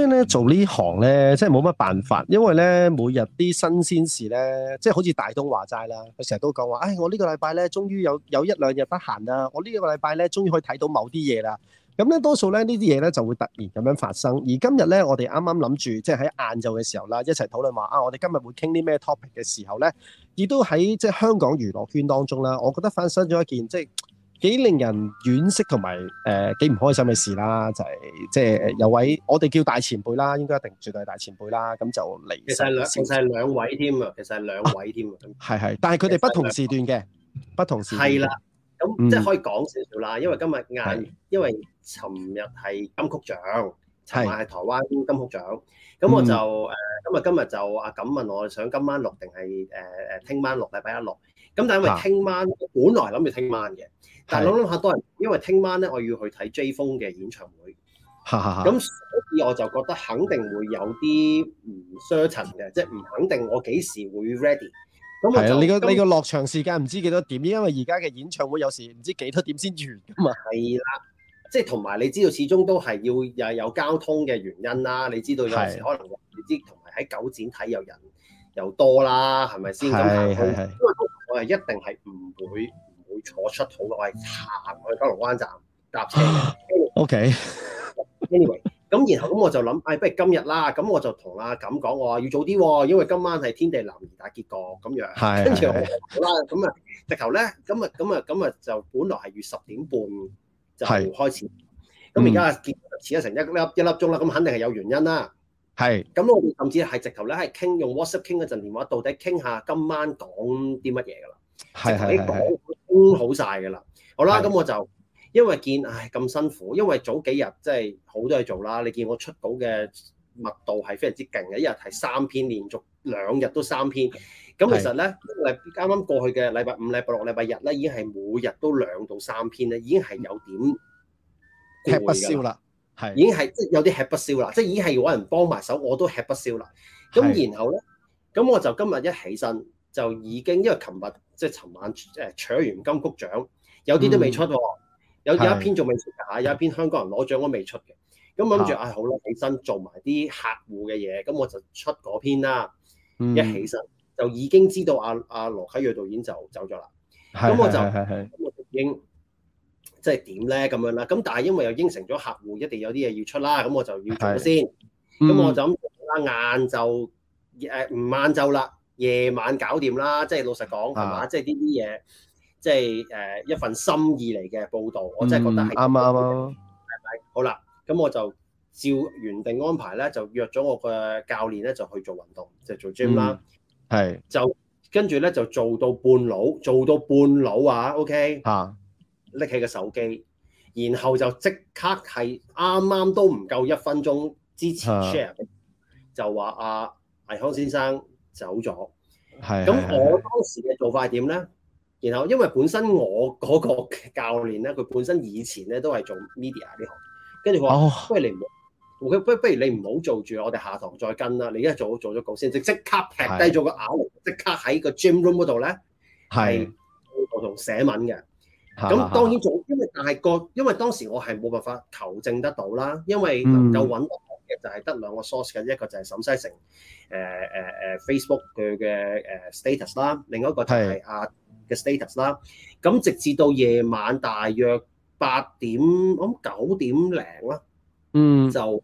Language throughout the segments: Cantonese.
所以呢，做呢行呢，即係冇乜辦法，因為呢每日啲新鮮事呢，即係好似大東話齋啦，佢成日都講話，唉、哎，我呢個禮拜呢，終於有有一兩日得閒啦，我呢個禮拜呢，終於可以睇到某啲嘢啦。咁呢，多數呢，呢啲嘢呢就會突然咁樣發生。而今日呢，我哋啱啱諗住即係喺晏晝嘅時候啦，一齊討論話啊，我哋今日會傾啲咩 topic 嘅時候呢，亦、啊、都喺即係香港娛樂圈當中啦，我覺得發生咗一件即係，幾令人惋惜同埋誒幾唔開心嘅事啦，就係即係有位我哋叫大前輩啦，應該一定絕對係大前輩啦，咁就嚟。其實係兩，其實係兩位添啊，其實係兩位添啊。係係，但係佢哋不同時段嘅，不同時段。係啦，咁即係可以講少少啦，因為今日晏，因為尋日係金曲獎，同埋係台灣金曲獎，咁我就誒今日今日就噉問我，想今晚錄定係誒誒聽晚錄定禮拜一錄，咁但係因為聽晚我本來諗住聽晚嘅。但諗諗下，多人，因為聽晚咧，我要去睇 Jay Fung 嘅演唱會，咁 所以我就覺得肯定會有啲唔 certain 嘅，即係唔肯定我幾時會 ready。咁係你個你、你個落場時間唔知幾多點，因為而家嘅演唱會有時唔知幾多點先完㗎嘛，係啦，即係同埋你知道，始終都係要又有交通嘅原因啦。你知道有時可能你知，同埋喺九展睇又人又多啦，係咪先？係係係。的因為我係一定係唔會。我出肚嗰位行去九龍灣站搭車。O K。anyway，咁然後咁我就諗，誒、哎，不如今日啦。咁我就同阿錦講，我話要早啲喎，因為今晚係天地男兒大結局咁樣。係 的。跟住我話好啦，咁啊，直頭咧，咁啊，咁啊，咁啊，就本來係約十點半就開始。咁而家結遲咗成一粒 一粒鐘啦，咁肯定係有原因啦。係的。咁我甚至係直頭咧，係傾用 WhatsApp 傾嗰陣電話，到底傾下今晚講啲乜嘢㗎啦。直頭啲稿工好晒嘅啦，好啦，咁、嗯、我就因為見唉咁辛苦，因為早幾日即係好多嘢做啦，你見我出稿嘅密度係非常之勁嘅，一日係三篇，連續兩日都三篇。咁、嗯、其實咧，禮啱啱過去嘅禮拜五、禮拜六、禮拜日咧，已經係每日都兩到三篇咧，已經係有，有點吃不消啦，係已經係有啲吃不消啦，即係已經係有人幫埋手，我都吃不消啦。咁的然後咧，咁我就今日一起身就已經因為琴日。即係尋晚誒，頒完金曲獎，有啲都未出喎。有有一篇仲未出㗎，有一篇香港人攞獎都未出嘅。咁我諗住，唉，好啦，起身做埋啲客戶嘅嘢，咁我就出嗰篇啦。一起身就已經知道阿阿羅啟銳導演就走咗啦。咁我就咁我已經即係點咧咁樣啦。咁但係因為又應承咗客戶，一定有啲嘢要出啦，咁我就要做先。咁我就諗，晏晝誒唔晏晝啦。夜晚搞掂啦，即係老實講，係嘛？即係呢啲嘢，即係誒一份心意嚟嘅報道，我真係覺得係啱啱咯。係咪好啦，咁我就照原定安排咧，就約咗我嘅教練咧，就去做運動，就做 gym 啦。係就跟住咧，就做到半老，做到半老啊。OK 啊，拎起個手機，然後就即刻係啱啱都唔夠一分鐘之前 share，就話啊，倪匡先生，走咗，咁的我當時嘅做法係點咧？然後因為本身我嗰個教練咧，佢本身以前咧都係做 media 呢行，跟住佢話，不如你唔，佢不不如你唔好做住，我哋下堂再跟啦。你一家做做咗個先，即即刻劈低咗個眼，即刻喺個 gym room 度咧，係做同寫文嘅。咁當然做，因為但係個，因為當時我係冇辦法求證得到啦，因為能夠揾。的就係得兩個 source 嘅，一個就係沈西城誒誒誒 Facebook 佢嘅誒 status 啦，另一個就係啊嘅的 status 啦。咁直至到夜晚大約八點，我諗九點零啦。嗯，就誒、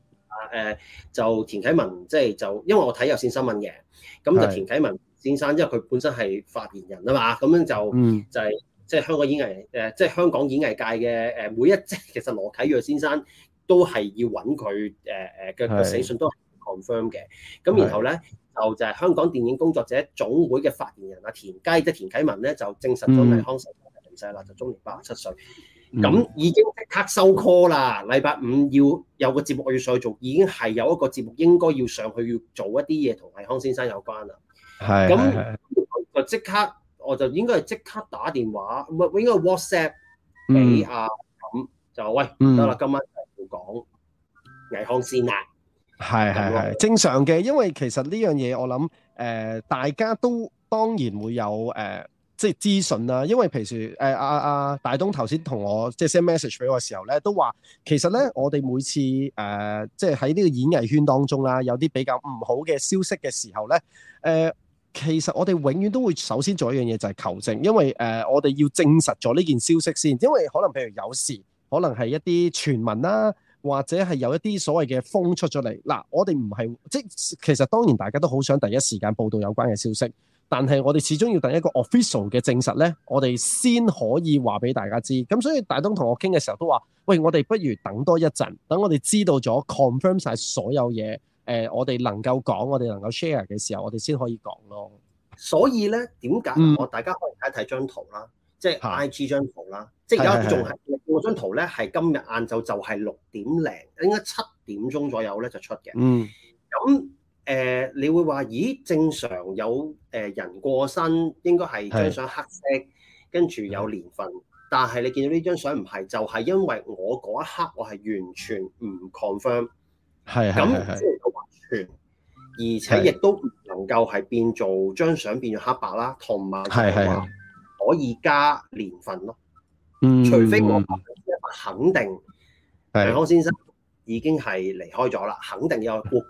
呃、就田啟文，即係就，是、就因為我睇有線新聞嘅，咁就田啟文先生，的因為佢本身係發言人啊嘛，咁樣就、嗯、就係即係香港演藝誒，即、就、係、是、香港演藝界嘅誒，每一即、就是、其實羅啟銳先生。都係要揾佢誒誒嘅死訊都係 confirm 嘅，咁是的 然後咧就就是、係香港電影工作者總會嘅發言人阿田雞，即田啟文咧就證實咗倪匡先生啦，就終年八十七歲。咁、嗯、已經即刻收 call 啦，禮拜五要有個節目我要上去做，已經係有一個節目應該要上去要做一啲嘢同倪匡先生有關啦。係，咁就即刻我就應該係即刻打電話，唔係應該 WhatsApp 俾阿、啊、冚，嗯、就話喂，得啦，今晚。今晚講倪匡先啦，係係係正常嘅，因為其實呢樣嘢我諗誒、呃，大家都當然會有誒、呃，即係資訊啦。因為譬如誒阿阿大東頭先同我即係 send message 俾我嘅時候咧，都話其實咧，我哋每次誒、呃，即係喺呢個演藝圈當中啦，有啲比較唔好嘅消息嘅時候咧，誒、呃，其實我哋永遠都會首先做一樣嘢，就係求證，因為誒、呃，我哋要證實咗呢件消息先，因為可能譬如有時可能係一啲傳聞啦、啊。或者係有一啲所謂嘅風出咗嚟嗱，我哋唔係即，其實當然大家都好想第一時間報道有關嘅消息，但係我哋始終要等一個 official 嘅證實呢。我哋先可以話俾大家知。咁所以大東同我傾嘅時候都話：「喂，我哋不如等多一陣，等我哋知道咗 confirm 晒所有嘢，誒、呃，我哋能夠講，我哋能夠 share 嘅時候，我哋先可以講咯。所以呢，點解我大家可以睇睇張圖啦？嗯即係 IG 張圖啦，即係而家仲係我張圖咧，係今日晏晝就係六點零，應該七點鐘左右咧就出嘅。嗯，咁誒，你會話咦？正常有誒人過身應該係張相黑色，跟住有年份，但係你見到呢張相唔係，就係因為我嗰一刻我係完全唔 confirm。係係係。咁即係完全，而且亦都唔能夠係變做張相變咗黑白啦，同埋係係。可以加年份咯，嗯、除非我肯定倪匡先生已經係離開咗啦，的肯定有官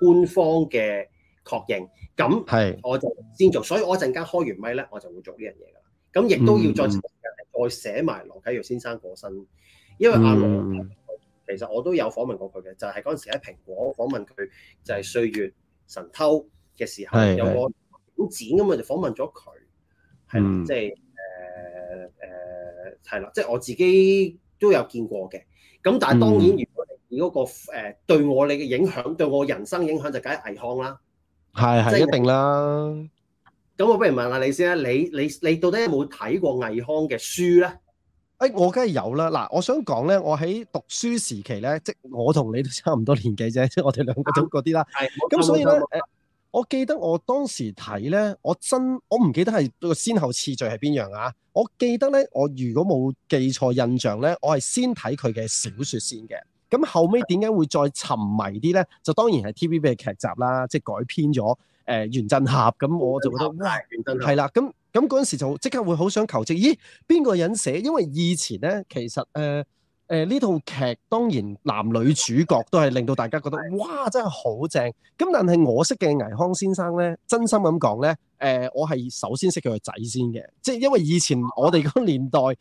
官方嘅確認，咁我就先做。的所以我一陣間開完咪咧，我就會做呢樣嘢噶。咁亦都要再寫、嗯、再寫埋羅啟銳先生過身，因為阿羅、嗯、其實我都有訪問過佢嘅，就係嗰陣時喺蘋果訪問佢，就係、是《歲月神偷》嘅時候有個影展咁啊，就的的訪問咗佢。係即係誒、誒，係啦，即係、呃呃、我自己都有見過嘅。咁但係當然，如果係以嗰個對我你嘅影響，嗯、對我人生影響就梗係倪匡啦。係、係的是一定啦。咁我不如問下你先啦，你你你到底有冇睇過倪匡嘅書咧？誒、哎，我梗係有啦。嗱，我想講咧，我喺讀書時期咧，即係我同你都差唔多年紀啫，即係的我哋兩個組嗰啲啦。係的。咁所以咧，誒。我記得我當時睇咧，我真我唔記得係個先後次序係邊樣啊！我記得咧，我如果冇記錯印象咧，我係先睇佢嘅小說先嘅。咁後尾點解會再沉迷啲咧？就當然係 TVB 嘅劇集啦，即係改編咗誒、呃、原振俠，咁我就覺得哇、哎，原振俠係啦。咁咁嗰陣時就即刻會好想求證，咦，邊個人寫？因為以前咧其實誒。呃誒呢、呃、套劇當然男女主角都係令到大家覺得哇，真係好正咁，但係我識嘅倪匡先生咧，真心咁講咧，誒、呃、我係首先識佢個仔先嘅，即係因為以前我哋嗰年代，耶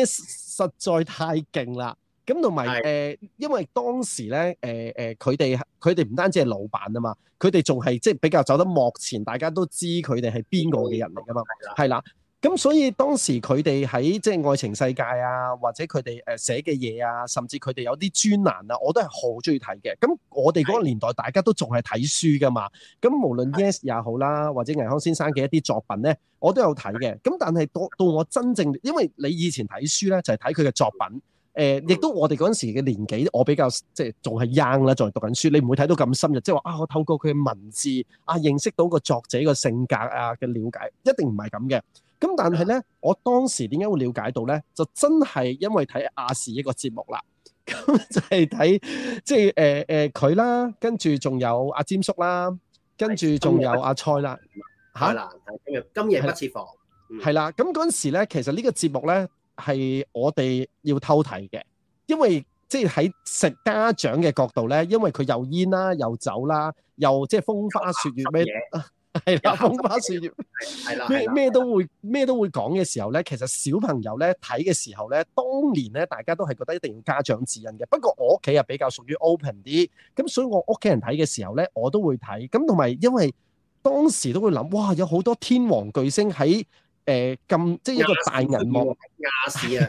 的、yes, 實在太勁啦，咁同埋誒，因為當時咧，誒誒佢哋佢哋唔單止係老闆啊嘛，佢哋仲係即係比較走得幕前，大家都知佢哋係邊個嘅人嚟噶嘛，係啦的。咁、嗯、所以當時佢哋喺即係愛情世界啊，或者佢哋誒寫嘅嘢啊，甚至佢哋有啲專欄啊，我都係好中意睇嘅。咁我哋嗰個年代大家都仲係睇書噶嘛。咁無論 Yes 也好啦，或者倪匡先生嘅一啲作品咧，我都有睇嘅。咁但係到到我真正，因為你以前睇書咧就係睇佢嘅作品。誒、呃，亦都我哋嗰陣時嘅年紀，我比較即係仲係 young 啦，仲係讀緊書，你唔會睇到咁深入，即係話啊，我透過佢嘅文字啊認識到個作者個性格啊嘅了解，一定唔係咁嘅。咁但係咧，我當時點解會了解到咧？就真係因為睇亞視一個節目、 呃呃、啦。咁就係睇即係誒誒佢啦，跟住仲有阿詹叔啦，跟住仲有阿蔡啦。嚇！今日今夜不設防。係、啊、啦，咁嗰陣時咧，其實呢個節目咧係我哋要偷睇嘅，因為即係喺食家長嘅角度咧，因為佢又煙啦，又酒啦，又即係風花雪月咩？係啦，風花雪月， 係啦，咩咩都會咩都會講嘅時候咧，其實小朋友咧睇嘅時候咧，當年咧大家都係覺得一定要家長指引嘅。不過我屋企又比較屬於 open 啲，咁所以我屋企人睇嘅時候咧，我都會睇。咁同埋因為當時都會諗，哇，有好多天王巨星喺誒咁，即係一個大銀幕，亞視啊，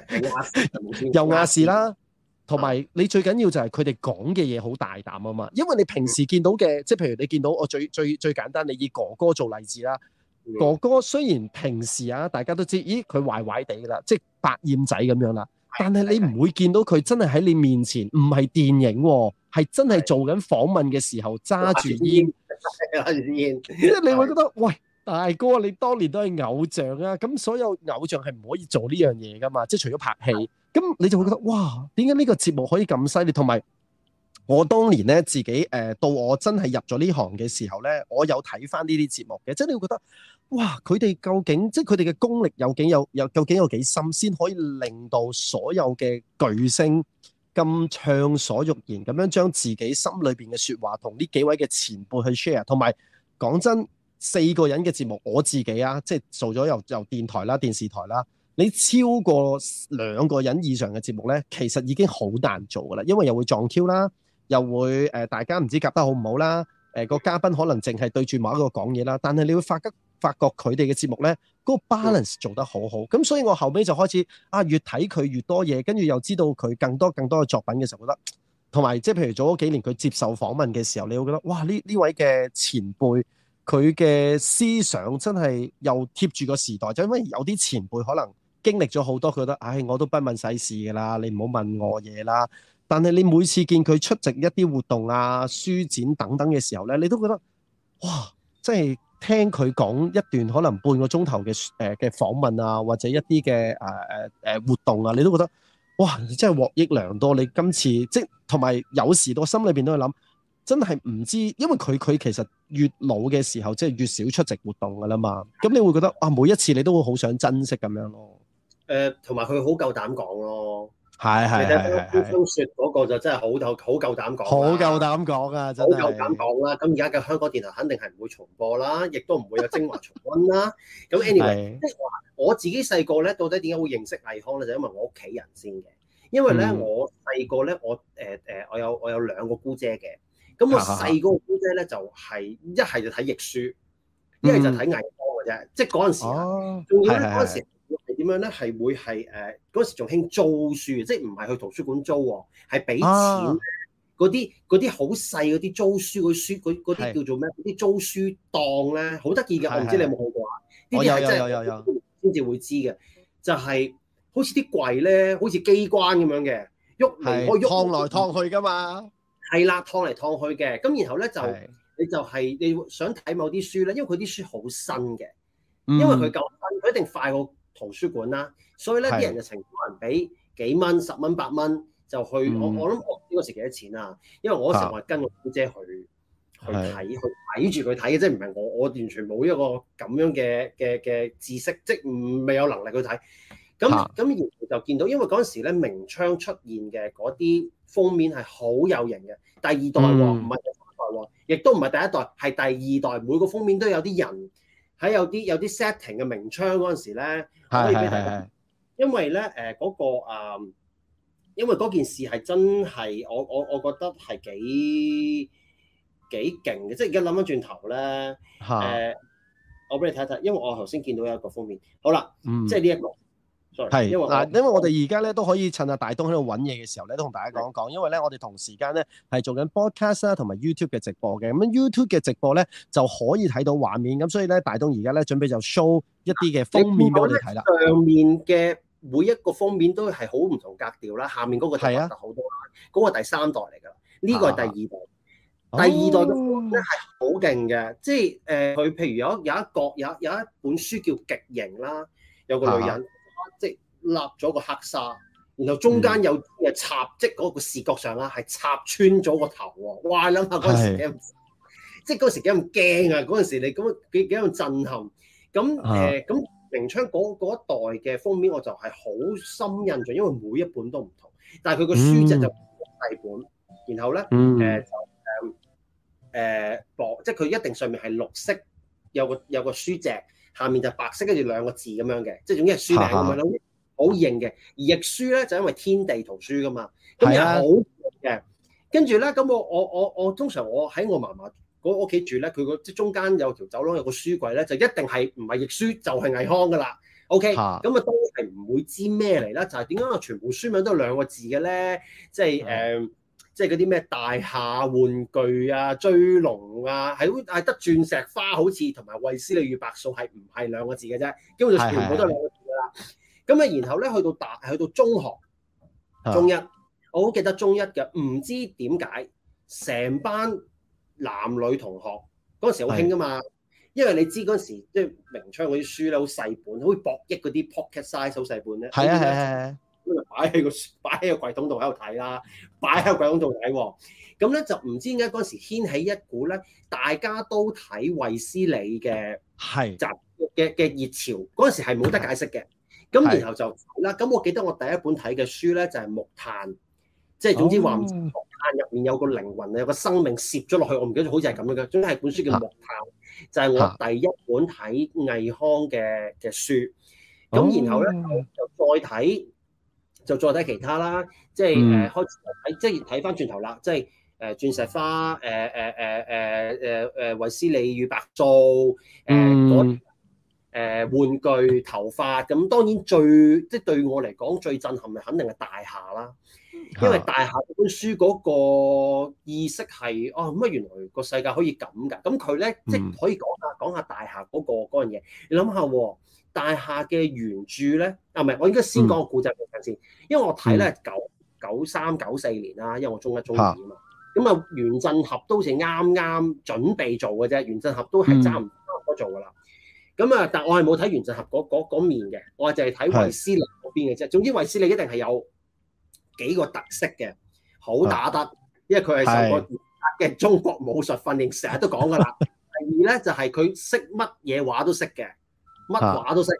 又亞視啦。 同埋你最緊要就係佢哋講嘅嘢好大膽啊嘛，因為你平時見到嘅，嗯、即係譬如你見到我最最最簡單，你以哥哥做例子啦。嗯、哥哥雖然平時啊，大家都知，咦佢壞壞地噶啦，即係白燕仔咁樣啦。但係你唔會見到佢真係喺你面前，唔係電影、啊，係真係做緊訪問嘅時候揸住煙，揸住、嗯嗯嗯、即係你會覺得，嗯、喂大哥，你當年都係偶像啊，咁所有偶像係唔可以做呢樣嘢噶嘛，即係除咗拍戲。嗯嗯嗯嗯咁你就會覺得哇，點解呢個節目可以咁犀利？同埋我當年呢，自己誒、呃，到我真係入咗呢行嘅時候呢，我有睇翻呢啲節目嘅。即係你會覺得哇，佢哋究竟即係佢哋嘅功力有幾有有究竟有幾深，先可以令到所有嘅巨星咁暢所欲言，咁樣將自己心裏邊嘅説話同呢幾位嘅前輩去 share。同埋講真，四個人嘅節目我自己啊，即係做咗由由電台啦、電視台啦。你超過兩個人以上嘅節目呢，其實已經好難做㗎啦，因為又會撞 Q 啦，又會誒、呃、大家唔知夾得好唔好啦，誒、呃個嘉賓可能淨係對住某一個講嘢啦，但係你會發覺發覺佢哋嘅節目呢，嗰、那個 balance 做得好好，咁、嗯、所以我後尾就開始啊越睇佢越多嘢，跟住又知道佢更多更多嘅作品嘅時候，覺得同埋即係譬如早嗰幾年佢接受訪問嘅時候，你會覺得哇呢呢位嘅前輩佢嘅思想真係又貼住個時代，就因為有啲前輩可能，經歷咗好多，佢覺得唉，我都不問世事㗎啦。你唔好問我嘢啦。但係你每次見佢出席一啲活動啊、書展等等嘅時候呢，你都覺得哇，即係聽佢講一段可能半個鐘頭嘅誒嘅訪問啊，或者一啲嘅誒誒誒活動啊，你都覺得哇，真係獲益良多。你今次即同埋有，有時，我心裏邊都係諗，真係唔知，因為佢佢其實越老嘅時候，即係越少出席活動㗎啦嘛。咁你會覺得啊，每一次你都會好想珍惜咁樣咯。誒，同埋佢好夠膽講咯，係係係。其實潘忠雪嗰個就真係好夠好夠膽講，好夠膽講啊！真係好夠膽講啦。咁而家嘅香港電台肯定係唔會重播啦，亦都唔會有精華重溫啦。咁 anyway，即係話我自己細個咧，到底點解會認識倪匡咧？就因為我屋企人先嘅，因為咧我細個咧，我誒誒，我有我有兩個姑姐嘅。咁我細個姑姐咧，就係一係就睇亦舒，一係就睇倪匡嘅啫。即係嗰陣時，仲要咧嗰陣時。咁樣咧係會係誒嗰時仲興租書，即係唔係去圖書館租喎，係俾錢嗰啲啲好細嗰啲租書嗰啲叫做咩？嗰啲租書檔咧，好得意嘅，我唔知你有冇去過啊？呢我有有有有先至會知嘅，就係好似啲櫃咧，好似機關咁樣嘅，喐嚟可以喐，㓥嚟㓥去㗎嘛。係啦，㓥嚟㓥去嘅。咁然後咧就你就係你想睇某啲書咧，因為佢啲書好新嘅，因為佢舊，佢一定快過。圖書館啦、啊，所以咧啲是的 人就成個人俾幾蚊是的 十蚊八蚊就去，嗯、我我諗我嗰時幾多錢啊？因為我成日跟我表姐去是的 去睇去睇住佢睇嘅，即係唔係我我完全冇一個咁樣嘅嘅嘅知識，即係未有能力去睇。咁咁然就見到，因為嗰陣時咧明窗出現嘅嗰啲封面係好有型嘅，第二代喎唔係第一代喎，亦都唔係第一代，係第二代，第二代每個封面都有啲人。喺有啲有啲 setting 嘅名槍嗰陣時咧，係係係可以俾你睇。是因為咧誒嗰個啊、呃，因為嗰件事係真係我我我覺得係幾幾勁嘅，即係而家諗翻轉頭咧，誒是是、呃、我俾你睇一睇，因為我頭先見到有一個封面，好啦，嗯、即係呢一個。係，嗱 Sorry, 是，因為我哋而家咧都可以趁阿大東喺度揾嘢嘅時候咧，都同大家講講，是的 因為咧我哋同時間咧係做緊 podcast 啦、啊，同埋 YouTube 嘅直播嘅，咁樣 YouTube 嘅直播咧就可以睇到畫面，咁所以咧大東而家咧準備就 show 一啲嘅封面俾我哋睇啦。上面嘅每一個封面都係好唔同格調啦，下面嗰個就好多啦，嗰、啊、個第三代嚟㗎，呢、這個係第二代，啊、第二代嘅封面係好勁嘅，即係誒，佢、呃、譬如有一有一個有有一本書叫《極刑》啦，有個女人。啊立咗個黑沙，然後中間有嘢插、嗯、即係嗰個視覺上啊，係插穿咗個頭喎！哇！諗下嗰陣時幾，是 即係嗰陣時幾咁驚啊！嗰陣時你咁幾幾咁震撼。咁誒咁名槍明窗嗰一代嘅封面，我就係好深印象，因為每一本都唔同，但係佢個書脊就細本，嗯、然後咧就誒誒薄，即係佢一定上面係綠色，有個有個，有個書脊，下面就白色，跟住兩個字咁樣嘅，即係總之係書名咁樣。好 型嘅，而亦舒咧就因為天地圖書噶嘛，咁又好嘅。跟住咧，咁我我我我通常我喺我嫲嫲嗰屋企住咧，佢個即中間有條走廊有個書櫃咧，就一定係唔係亦舒就係、是、倪匡噶啦。O K，咁啊，啊、嗯、當然係唔會知咩嚟啦，就係點解我全部書名都係兩個字嘅咧？即係誒，即係嗰啲咩大廈玩具啊、追龍啊，係得鑽石花好似，同埋《衛斯理與白素》係唔係兩個字嘅啫？基本上全部都係兩個字。是的 咁啊，然後咧去到大，去到中學，中一我好記得中一嘅，唔知點解成班男女同學嗰陣時好興㗎嘛？因為你知嗰陣時即係明窗嗰啲書咧，好細本，好似博益嗰啲 pocket size 好細本咧，係啊，咁就擺喺個擺喺個櫃桶度喺度睇啦，擺喺個櫃桶度睇喎。咁咧就唔知點解嗰陣時掀起一股咧，大家都睇衛斯理嘅集嘅嘅熱潮。嗰陣時係冇得解釋嘅。咁然後就啦，咁我記得我第一本睇嘅書咧就係木炭，即係總之話木炭入面有個靈魂，有個生命攝咗落去，我唔記得好似係咁樣嘅，總之係本書叫木炭，就係我第一本睇倪匡嘅嘅書。咁然後咧就再睇，就再睇其他啦，即係誒開始睇，即係睇翻轉頭啦，即係誒《鑽石花》誒誒誒誒誒誒《衛斯理與白素》誒。誒玩具頭髮咁，當然最即係對我嚟講最震撼，咪肯定係大廈啦。因為大廈本書嗰個意識係哦，咁啊，原來個世界可以咁㗎。咁佢咧即係可以講下講下大廈嗰個嗰樣嘢。你諗下，大廈嘅原著咧啊，唔係我應該先講個故仔畀你聽先，因為我睇咧九九三九四年啦，因為我中一中二啊嘛。咁啊，原振俠都好似啱啱準備做嘅啫，原振俠都係差唔多做㗎啦。咁啊、嗯！但我係冇睇原振俠嗰面嘅，我係淨係睇衛斯理嗰邊嘅啫。的總之衛斯理一定係有幾個特色嘅，好打得，的因為佢係受過嚴格嘅中國武術訓練，成日都講㗎啦。的第二咧就係佢識乜嘢話都識嘅，乜話都識，的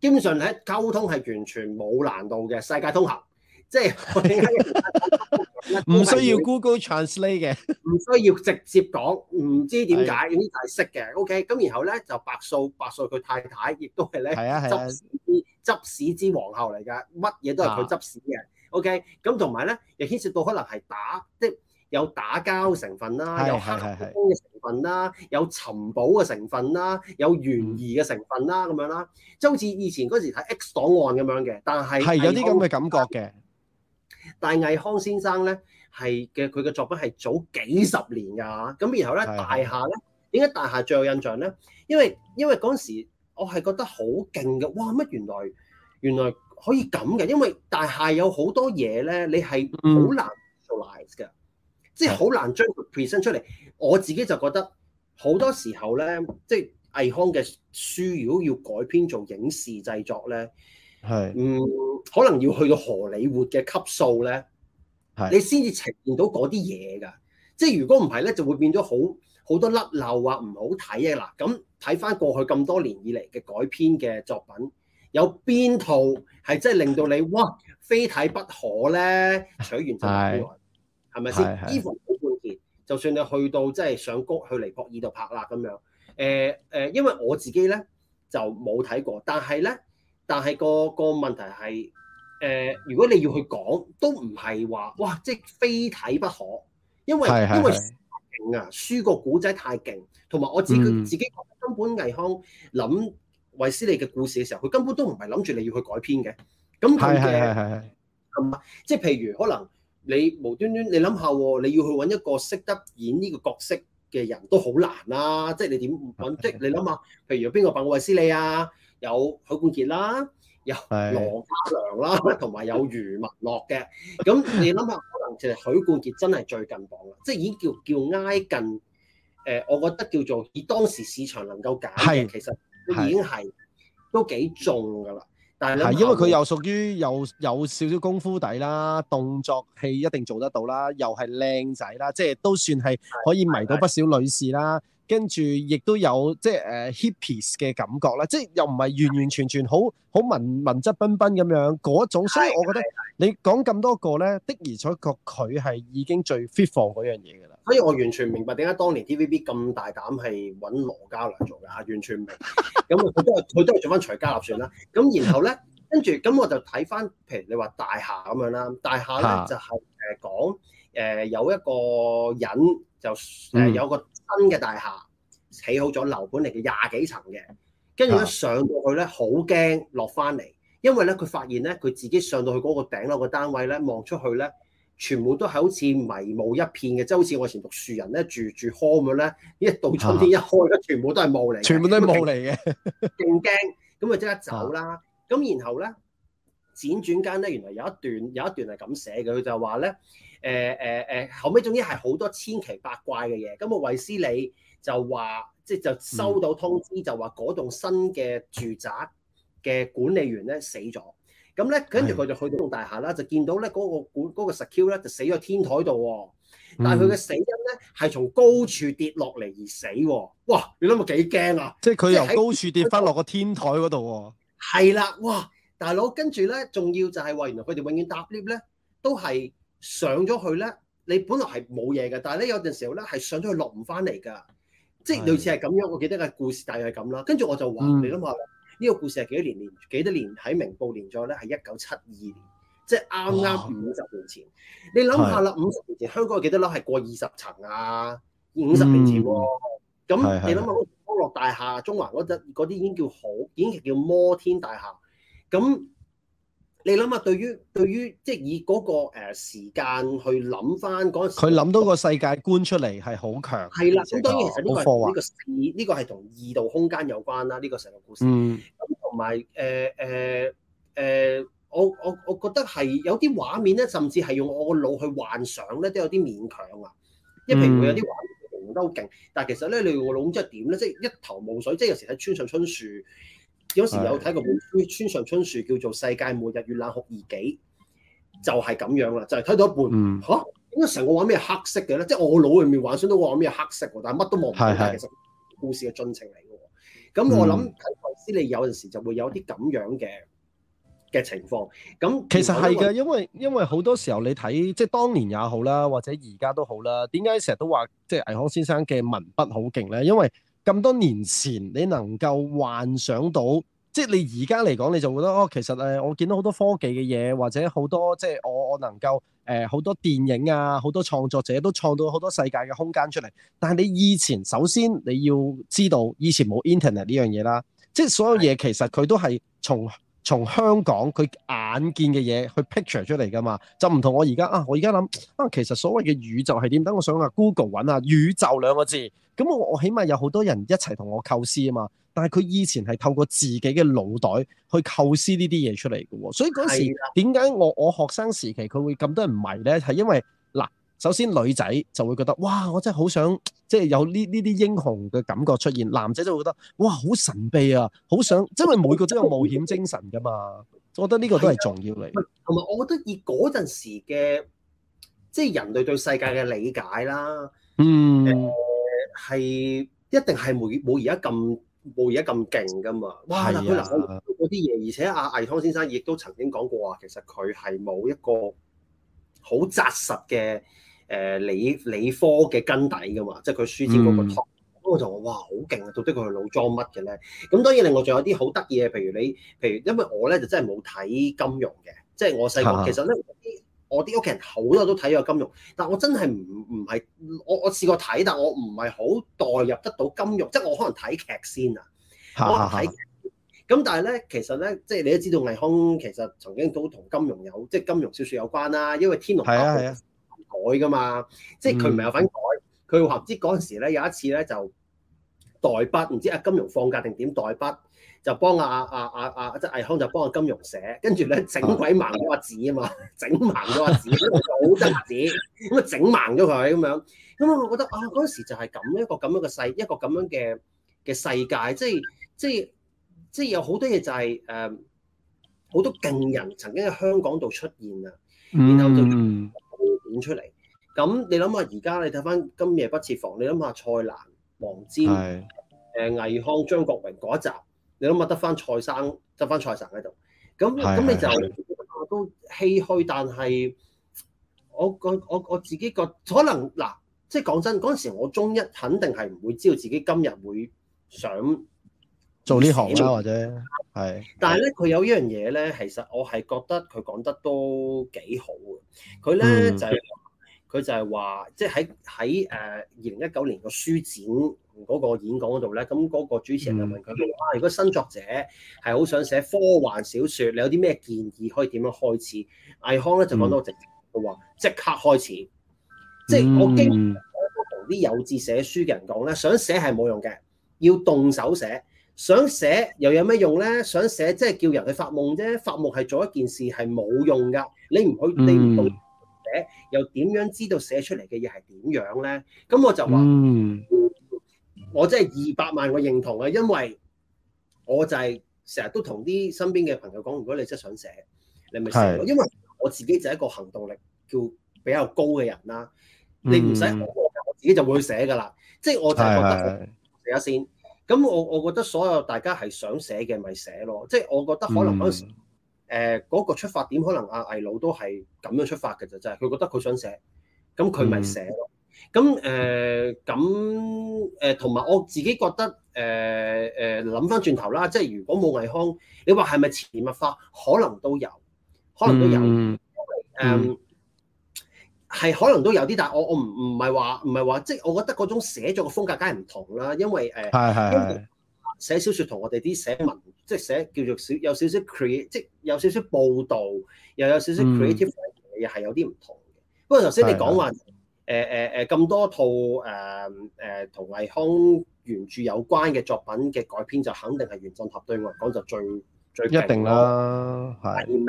基本上喺溝通係完全冇難度嘅，世界通行，即係。的的 唔需要 Google Translate 嘅，唔需要直接講，唔知點解、okay? 呢？就係識嘅，OK。咁然後咧就白素，白素佢太太呢，亦都係咧執屎執屎之皇后嚟噶，乜嘢都係佢執屎嘅，OK。咁同埋咧，又牽涉到可能係打，即係有打交成分啦，有黑幫嘅成分啦，有尋寶嘅成分啦，有懸疑嘅成分啦，咁樣啦，即係好似以前嗰時睇 X 檔案咁樣嘅，但係係有啲咁嘅感覺嘅。但倪匡先生咧係嘅佢嘅作品係早幾十年㗎，咁然後咧是的 大廈咧，點解大廈最有印象咧？因為因為嗰陣時我係覺得好勁嘅，哇乜原來原來可以咁嘅，因為大廈有好多嘢咧，你係好難做 live 㗎，即係好難將佢 present 出嚟。是的 我自己就覺得好多時候咧，即係倪匡嘅書如果要改編做影視製作咧。係，是嗯，可能要去到荷里活嘅級數咧，係是，你先至呈現到嗰啲嘢㗎。即係如果唔係咧，就會變咗好好多甩漏啊，唔好睇啊。嗱，咁睇翻過去咁多年以嚟嘅改編嘅作品，有邊套係真係令到你哇，非睇不可咧？取完就唔要，係咪先？衣服好半件，就算你去到即係、就是、上谷去尼泊爾度拍啦咁樣。誒、呃、誒、呃，因為我自己咧就冇睇過，但係咧。但係個個問題係，誒、呃，如果你要去講，都唔係話，哇，即係非睇不可，因為是是是因為勁啊，書個古仔太勁，同埋我自己、嗯、自己根本倪匡諗衛斯理嘅故事嘅時候，佢根本都唔係諗住你要去改編嘅，咁佢嘅，係係係係，即係譬如可能你無端端你諗下喎，你要去揾一個識得演呢個角色嘅人都好難啦、啊，即係你點揾？即係你諗下，譬如邊個扮衛斯理啊？有許冠傑啦，有羅嘉良啦，同埋有余文樂嘅。咁你諗下，可能就係許冠傑真係最近磅啦，即係已經叫叫挨近誒、呃，我覺得叫做以當時市場能夠揀嘅，是其實已經係是都幾重㗎啦。但係因為佢又屬於有有，有少少功夫底啦，動作戲一定做得到啦，又係靚仔啦，即係都算係可以迷到不少女士啦。跟住亦都有即係誒 hippies 嘅感覺啦，即係又唔係完完全全，全好好文文質彬彬咁樣嗰種，所以我覺得你講咁多個咧，的而且確佢係已經最 fit 嗰樣嘢㗎啦。所以我完全明白點解當年 T.V.B. 咁大膽係揾羅嘉良做嘅，完全唔明咁佢 都係佢都係做翻徐家立算啦。咁然後咧，跟住咁我就睇翻，譬如你話大廈咁樣啦，大廈咧、啊、就係誒講誒、呃、有一個人就誒、呃、有個。嗯新嘅大廈起好咗樓盤嚟嘅廿幾層嘅，跟住一上到去咧，好驚落翻嚟，因為咧佢發現咧，佢自己上到去嗰個頂樓，個單位咧望出去咧，全部都係好似迷霧一片嘅，即係好似我以前讀樹人咧住住康咁樣咧，一到春天一開咧，啊、全部都係霧嚟，全部都係霧嚟嘅，勁驚，咁啊即刻走啦，咁、啊、然後咧，輾轉間咧，原來有一段有一段係咁寫嘅，佢就話咧。誒誒誒，後尾總之係好多千奇百怪嘅嘢。咁啊，衛斯理就話，即係就收到通知，就話嗰棟新嘅住宅嘅管理員咧死咗。咁咧，跟住佢就去到棟大廈啦，就見到咧嗰個管嗰個 security 咧就死咗天台度喎。但係佢嘅死因咧係從高處跌落嚟而死喎。哇！你諗下幾驚啊！即係佢由高處跌翻落個天台嗰度喎。係啦，哇！大佬，跟住咧，仲要就係話，原來佢哋永遠搭 lift 咧都係。上咗去咧，你本來係冇嘢嘅，但係咧有陣時候咧係上咗去落唔翻嚟㗎，即係類似係咁樣。是我記得嘅故事大概係咁啦。跟住我就話、嗯、你諗下，呢、呢個故事係幾，幾多年年幾多年喺《明報》連載咧？係一九七二年，即係啱啱五十年前。哇你諗下啦，五十是年前香港有幾多樓係過二十層啊？五十年前喎，咁你諗下，康樂大廈、中環嗰啲已經叫好，已經叫摩天大廈，咁。你諗下，對於對於即係以嗰個誒時間去諗翻嗰陣時佢諗到個世界觀出嚟係好強。係啦，咁當然其實呢個呢個呢個係同異度空間有關啦，呢個成個故事。嗯。咁同埋誒誒誒，我我我覺得係有啲畫面咧，甚至係用我個腦去幻想咧，都有啲勉強啊。一譬如有啲畫畫得好勁，但係其實咧，你用個腦咁即係點咧？即係一頭霧水。即係有時喺《村上春樹》。有時有睇過本書《村上春樹》，叫做《世界末日月冷酷二紀》，就係、是、咁樣啦，就係、是、睇到一半嚇。點解成個畫咩黑色嘅咧？即係我腦入面幻想到個畫咩黑色喎，但係乜都望唔到。其實故事嘅進程嚟嘅喎。咁我諗睇《鬼屍》，你有陣時就會有啲咁樣嘅嘅情況。咁其實係嘅，因為因為好多時候你睇即係當年也好啦，或者而家都好啦。點解成日都話即係倪康先生嘅文筆好勁咧？因為咁多年前，你能夠幻想到，即係你而家嚟講你就覺得哦，其實誒、呃，我見到好多科技嘅嘢，或者好多即係我我能夠誒好、呃、多電影啊，好多創作者都創造好多世界嘅空間出嚟。但係你以前，首先你要知道以前冇 internet 呢樣嘢啦，即係所有嘢其實佢都係從。從香港佢眼見嘅嘢去 picture 出嚟㗎嘛，就唔同我而家啊！我而家諗啊，其實所謂嘅宇宙係點？等我想話、啊、Google 揾下、啊、宇宙兩個字，咁我我起碼有好多人一齊同我構思啊嘛。但係佢以前係透過自己嘅腦袋去構思呢啲嘢出嚟嘅喎，所以嗰時點解的我我學生時期佢會咁多人迷咧？係因為嗱。首先女仔就會覺得，哇！我真係好想，即係有呢呢啲英雄嘅感覺出現。男仔就會覺得，哇！好神秘啊，好想，因為每個都有冒險精神噶嘛。我覺得呢個都係重要嚟。同埋、啊、我覺得以嗰陣時嘅，即係人類對世界嘅理解啦，嗯，係、呃、一定係冇冇而家咁冇而家咁勁噶嘛。哇！啲嘢、啊，而且阿倪匡先生亦都曾經講過話，其實佢係冇一個好紮實嘅。誒理理科嘅根底㗎嘛，即係佢書展嗰個托，咁、嗯、我就話：哇，好勁啊！到底佢係老裝乜嘅咧？咁當然，另外仲有啲好得意嘅，譬如你，譬如因為我咧就真係冇睇金庸嘅，即、就、係、是、我細個哈哈 其實咧，我啲屋企人好多都睇咗金庸，但我真係唔唔係，我我試過睇，但我唔係好代入得到金庸，即係我可能睇劇先啊，哈哈我睇。咁但係咧，其實咧，即係你都知道，倪匡其實曾經都同金庸有即係金庸小説有關啦、啊，因為天龍八部、嗯。嗯嗯改噶嘛，mm hmm。即係佢唔係有份改，佢唔知嗰陣時咧有一次咧就代筆，唔知阿金庸放假定點代筆，就幫阿阿阿阿阿即係倪匡就幫阿金庸寫。跟住咧整鬼盲咗阿紫啊嘛，整盲咗阿紫，好得字，咁啊整盲咗佢咁樣，咁我覺得啊嗰陣時就係咁一個咁樣嘅世，一個咁樣嘅嘅世，世界，即係即係即係有好多嘢就係誒好多勁人曾經喺香港度出現啊，然後就演出嚟。Mm hmm. 咁你諗下，而家你睇翻《今夜不設防》你諗下，你諗下蔡瀾、黃霑、誒倪匡、張國榮嗰一集，你諗下得翻蔡生，得翻蔡生喺度。咁咁是的 你就是、的我都唏噓，但係我覺我我，我自己覺可能嗱，即係講真嗰陣時，我中一肯定係唔會知道自己今日會想做呢行啦，或者係。但係咧，佢有依樣嘢咧，其實我係覺得佢講得都幾好嘅。佢咧就係。嗯。佢就係話，即係喺喺誒二零一九年個書展嗰個演講嗰度咧，咁嗰個主持人就問佢：啊、嗯，如果新作者係好想寫科幻小說，你有啲咩建議可以點樣開始？倪匡咧就講到直佢話，即、嗯、刻開始。即係我經常同啲有志寫書嘅人講咧，想寫係冇用嘅，要動手寫。想寫又有咩用咧？想寫即係、就是、叫人去發夢啫，發夢係做一件事係冇用噶。你唔去，嗯、你唔動。又點樣知道寫出嚟嘅嘢係點樣咧？咁我就話，嗯、我真係二百萬我認同啊，因為我就係成日都同啲身邊嘅朋友講，如果你真係想寫，你咪寫咯。是因為我自己就係一個行動力叫比較高嘅人啦，嗯、你唔使我自己就會去寫噶啦。嗯、即係我就覺得寫，的寫一先。咁我我覺得所有大家係想寫嘅咪寫咯。即係我覺得可能嗰陣時誒嗰、呃那個出發點可能阿倪老都係咁樣出發嘅就真係佢覺得佢想寫，咁佢咪寫咯。咁誒咁誒，同埋、呃呃、我自己覺得誒誒諗翻轉頭啦，即係如果冇倪匡，你話係咪潛物化，可能都有，可能都有。嗯，係、呃嗯、可能都有啲，但係我我唔唔係話唔係話，即係、就是、我覺得嗰種寫作嘅風格梗係唔同啦，因為誒。係、呃、係。的為寫小説同我哋啲寫文，即係寫叫做少有少少 create，即係有少少報導，又有少少 creative 嘢係、嗯、有啲唔同嘅。不過頭先你講話，誒誒誒咁多套誒誒同倪匡原著有關嘅作品嘅改編，就肯定係原振俠對我嚟講就最最一定啦，排名，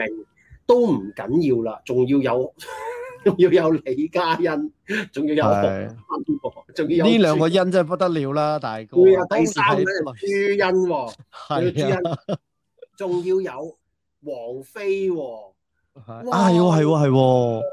都唔緊要啦，仲要有。 仲 要有李嘉欣，仲要有三個、哦，仲要有呢兩個因真係不得了啦，大哥。對啊， 第三咧朱茵喎，仲要有王菲喎、哦，係喎係喎係喎。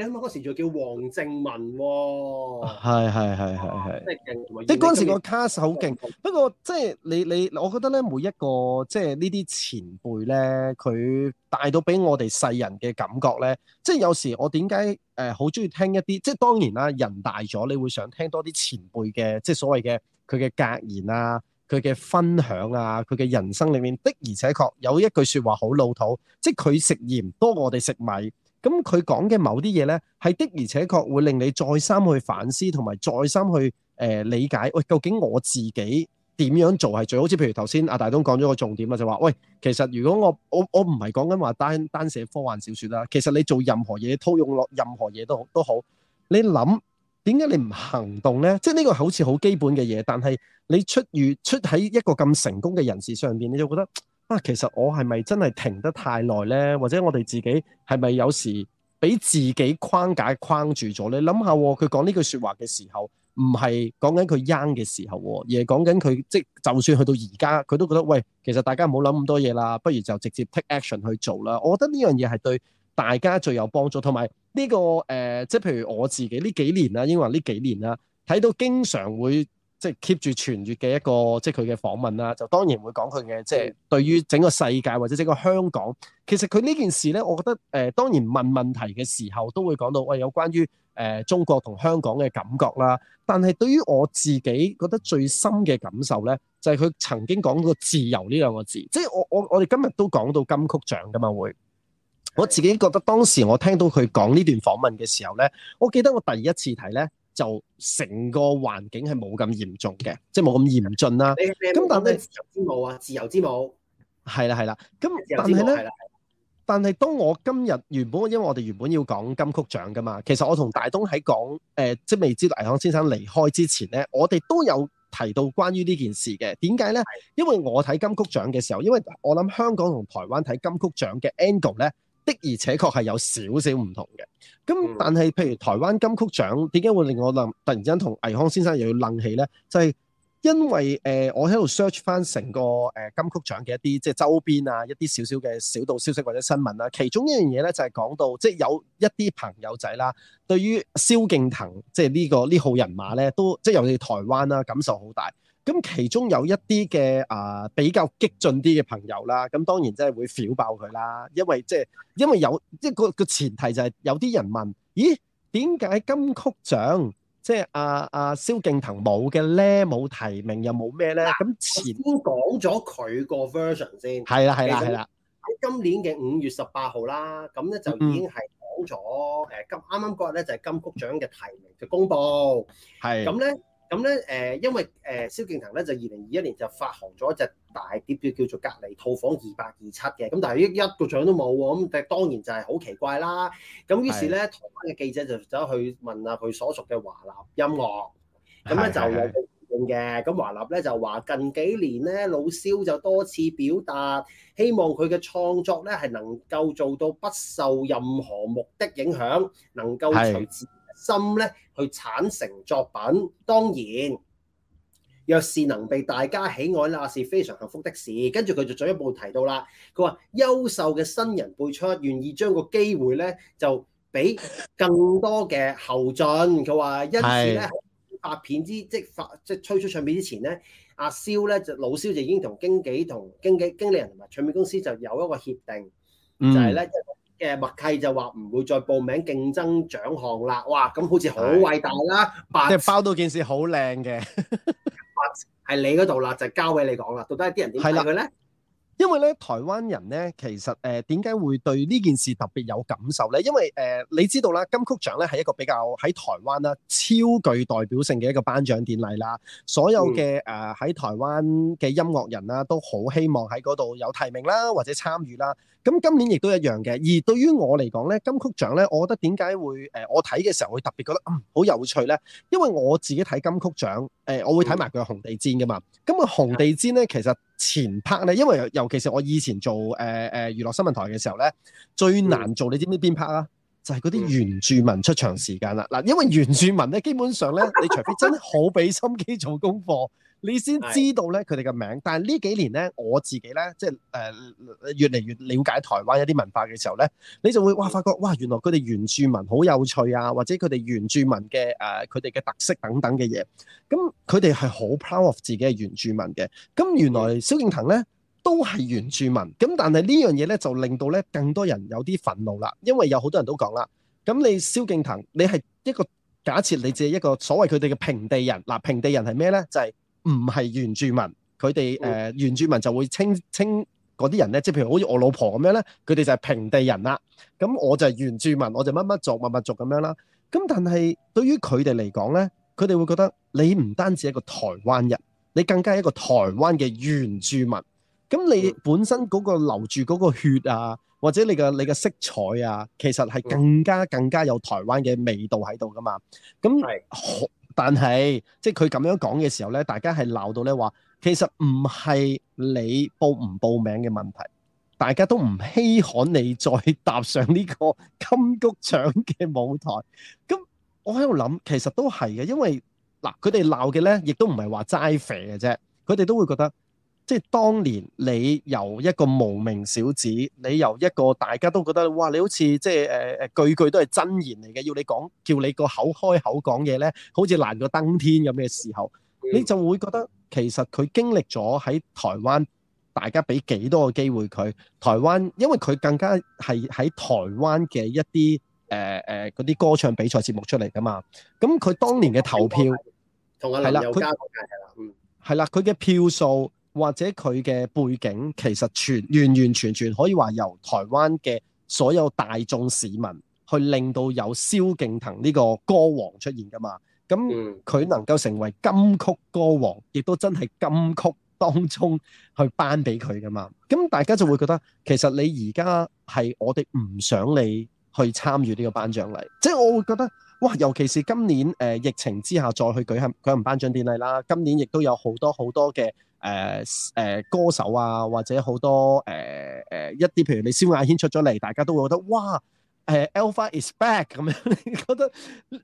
你諗下嗰時仲叫黃靜文喎、哦，係係係係即係勁，你嗰陣時個 cast 好勁。 不過即係、就是、你你，我覺得咧每一個即係呢啲前輩咧，佢帶到俾我哋世人嘅感覺咧，即、就、係、是、有時我點解誒好中意聽一啲，即係當然啦，人大咗你會想聽多啲前輩嘅即係所謂嘅佢嘅格言啊，佢嘅分享啊，佢嘅人生裡面的而且確有一句説話好老土，即係佢食鹽多過我哋食米。咁佢講嘅某啲嘢呢，係的而且確會令你再三去反思，同埋再三去誒、呃、理解。喂，究竟我自己點樣做係最好？似譬如頭先阿大東講咗個重點啦，就話：喂，其實如果我我我唔係講緊話單單寫科幻小說啦，其實你做任何嘢套用落任何嘢都好都好，你諗點解你唔行動呢？即係呢個好似好基本嘅嘢，但係你出遇出喺一個咁成功嘅人士上邊，你就覺得。啊，其實我係咪真係停得太耐咧？或者我哋自己係咪有時俾自己框架框住咗咧？諗下，哦，佢講呢句説話嘅時候，唔係講緊佢 young 嘅時候喎，而係講緊佢即就算去到而家，佢都覺得喂，其實大家唔好諗咁多嘢啦，不如就直接 take action 去做啦。我覺得呢樣嘢係對大家最有幫助，同埋呢個誒、呃，即係譬如我自己呢幾年啦，應該呢幾年啦，睇到經常會。即係 keep 住傳閱嘅一個即係佢嘅訪問啦，就當然會講佢嘅即係對於整個世界或者整個香港，其實佢呢件事呢，我覺得誒、呃，當然問問題嘅時候都會講到，喂、哎，有關於誒、呃、中國同香港嘅感覺啦。但係對於我自己覺得最深嘅感受呢，就係、是、佢曾經講過自由呢兩個字。即係我我我哋今日都講到金曲獎噶嘛會，我自己覺得當時我聽到佢講呢段訪問嘅時候呢，我記得我第一次睇呢。就成個環境係冇咁嚴重嘅，即係冇咁嚴峻啦、啊。咁但係自由之舞啊，自由之舞係啦係啦。咁但係咧，但係的當我今日原本因為我哋原本要講金曲獎噶嘛，其實我同大東喺講誒、呃，即未知倪匡先生離開之前咧，我哋都有提到關於呢件事嘅。點解咧？因為我睇金曲獎嘅時候，因為我諗香港同台灣睇金曲獎嘅 angle 咧。的而且確係有少少唔同嘅，咁但係譬如台灣金曲獎點解會令我諗突然之間同倪匡先生又要楞起咧？就係、是、因為誒、呃、我喺度 search 翻成個誒金曲獎嘅一啲即係周邊啊一啲少少嘅小道消息或者新聞啦、啊，其中一樣嘢咧就係、是、講到即係有一啲朋友仔啦，對於蕭敬騰即係呢、這個呢號人馬咧都即係尤其台灣啦、啊、感受好大。咁其中有一啲嘅啊比較激進啲嘅朋友啦，咁當然真係會 feel 爆佢啦，因為即係因為有即係個個前提就係有啲人問：咦，點解金曲獎即係阿阿蕭敬騰冇嘅咧？冇提名又冇咩咧？咁、啊、前先講咗佢個 version 先，係啦係啦係啦。喺、啊啊、今年嘅五月十八號啦，咁咧就已經係講咗誒，啱啱嗰日咧就係金曲獎嘅提名嘅公佈，係咁咧。咁咧，誒，因為誒蕭敬騰咧就二零二一年就發行咗一隻大碟叫叫做《隔離套房二百二七》嘅，咁但係一一個獎都冇喎，咁誒當然就係好奇怪啦。咁於是咧，是的 台灣嘅記者就走去問下佢所屬嘅華納音樂，咁咧是的 就有個回應嘅。咁是的 華納咧就話近幾年咧，老蕭就多次表達希望佢嘅創作咧係能夠做到不受任何目的影響，能夠隨自。心咧去產成作品，當然若是能被大家喜愛啦，是非常幸福的事。跟住佢就進一步提到啦，佢話優秀嘅新人輩出，願意將個機會咧就俾更多嘅後進。佢話因此咧，呢是發片之即發即推出唱片之前咧，阿蕭咧就老蕭就已經同經紀同經紀經理人同埋唱片公司就有一個協定，就係、是、咧。嗯嘅默契就話唔會再報名競爭獎項啦，哇！咁好似好偉大啦，的是包到件事好靚嘅，係 你嗰度啦，就是、交俾你講啦。到底啲人點睇佢咧？因為咧，台灣人咧，其實誒點解會對呢件事特別有感受呢？因為誒、呃，你知道啦，金曲獎咧係一個比較喺台灣啦超具代表性嘅一個頒獎典禮啦。所有嘅誒喺台灣嘅音樂人啦，都好希望喺嗰度有提名啦，或者參與啦。咁今年亦都一樣嘅。而對於我嚟講呢，金曲獎呢，我覺得點解會誒、呃、我睇嘅時候會特別覺得嗯好有趣呢？因為我自己睇金曲獎誒、呃，我會睇埋佢紅地氈噶嘛。咁個紅地氈呢，其實、嗯、～前拍咧，因為尤其是我以前做誒誒、呃呃、娛樂新聞台嘅時候咧，最難做你知唔知邊拍啊？就係嗰啲原住民出場時間啦。嗱，因為原住民咧，基本上咧，你除非真係好俾心機做功課。你先知道咧佢哋嘅名，但係呢幾年咧我自己咧，即係誒、呃、越嚟越了解台灣一啲文化嘅時候咧，你就會哇發覺哇原來佢哋原住民好有趣啊，或者佢哋原住民嘅誒佢哋嘅特色等等嘅嘢，咁佢哋係好 powerful 自己嘅原住民嘅，咁原來蕭敬騰咧都係原住民，咁但係呢樣嘢咧就令到咧更多人有啲憤怒啦，因為有好多人都講啦，咁你蕭敬騰你係一個假設你自己一個所謂佢哋嘅平地人嗱、呃、平地人係咩咧就係、是。唔係原住民，佢哋誒原住民就會稱稱嗰啲人呢。即係譬如好似我老婆咁樣呢，佢哋就係平地人啦。咁我就係原住民，我就乜乜族乜乜族咁樣啦。咁但係對於佢哋嚟講呢，佢哋會覺得你唔單止係一個台灣人，你更加係一個台灣嘅原住民。咁你本身嗰個流住嗰個血啊，或者你嘅你嘅色彩啊，其實係更加更加有台灣嘅味道喺度㗎嘛。咁係好。嗯嗯嗯。但係，即係佢咁樣講嘅時候咧，大家係鬧到咧話，其實唔係你報唔報名嘅問題，大家都唔稀罕你再踏上呢個金曲獎嘅舞台。咁我喺度諗，其實都係嘅，因為嗱，佢哋鬧嘅呢，亦都唔係話齋肥嘅啫，佢哋都會覺得。即係當年你由一個無名小子，你由一個大家都覺得哇，你好似即係誒誒句句都係真言嚟嘅，要你講叫你個口開口講嘢咧，好似難過登天咁嘅時候，你就會覺得其實佢經歷咗喺台灣，大家俾幾多個機會佢？台灣因為佢更加係喺台灣嘅一啲誒誒嗰啲歌唱比賽節目出嚟㗎嘛，咁佢當年嘅投票，同阿林宥嘉係啦，嗯，係啦，佢嘅票數。或者佢嘅背景，其實全完完全全可以話由台灣嘅所有大眾市民去令到有蕭敬騰呢個歌王出現噶嘛，咁佢能夠成為金曲歌王，亦都真係金曲當中去頒俾佢噶嘛，咁大家就會覺得其實你而家係我哋唔想你去參與呢個頒獎禮，即係我會覺得哇，尤其是今年誒、呃、疫情之下再去舉行舉行頒、頒獎典禮啦，今年亦都有好多好多嘅。誒誒、呃呃、歌手啊，或者好多誒誒、呃呃、一啲，譬如你蕭亞軒出咗嚟，大家都會覺得哇！誒、呃、Alpha is back 咁樣，覺得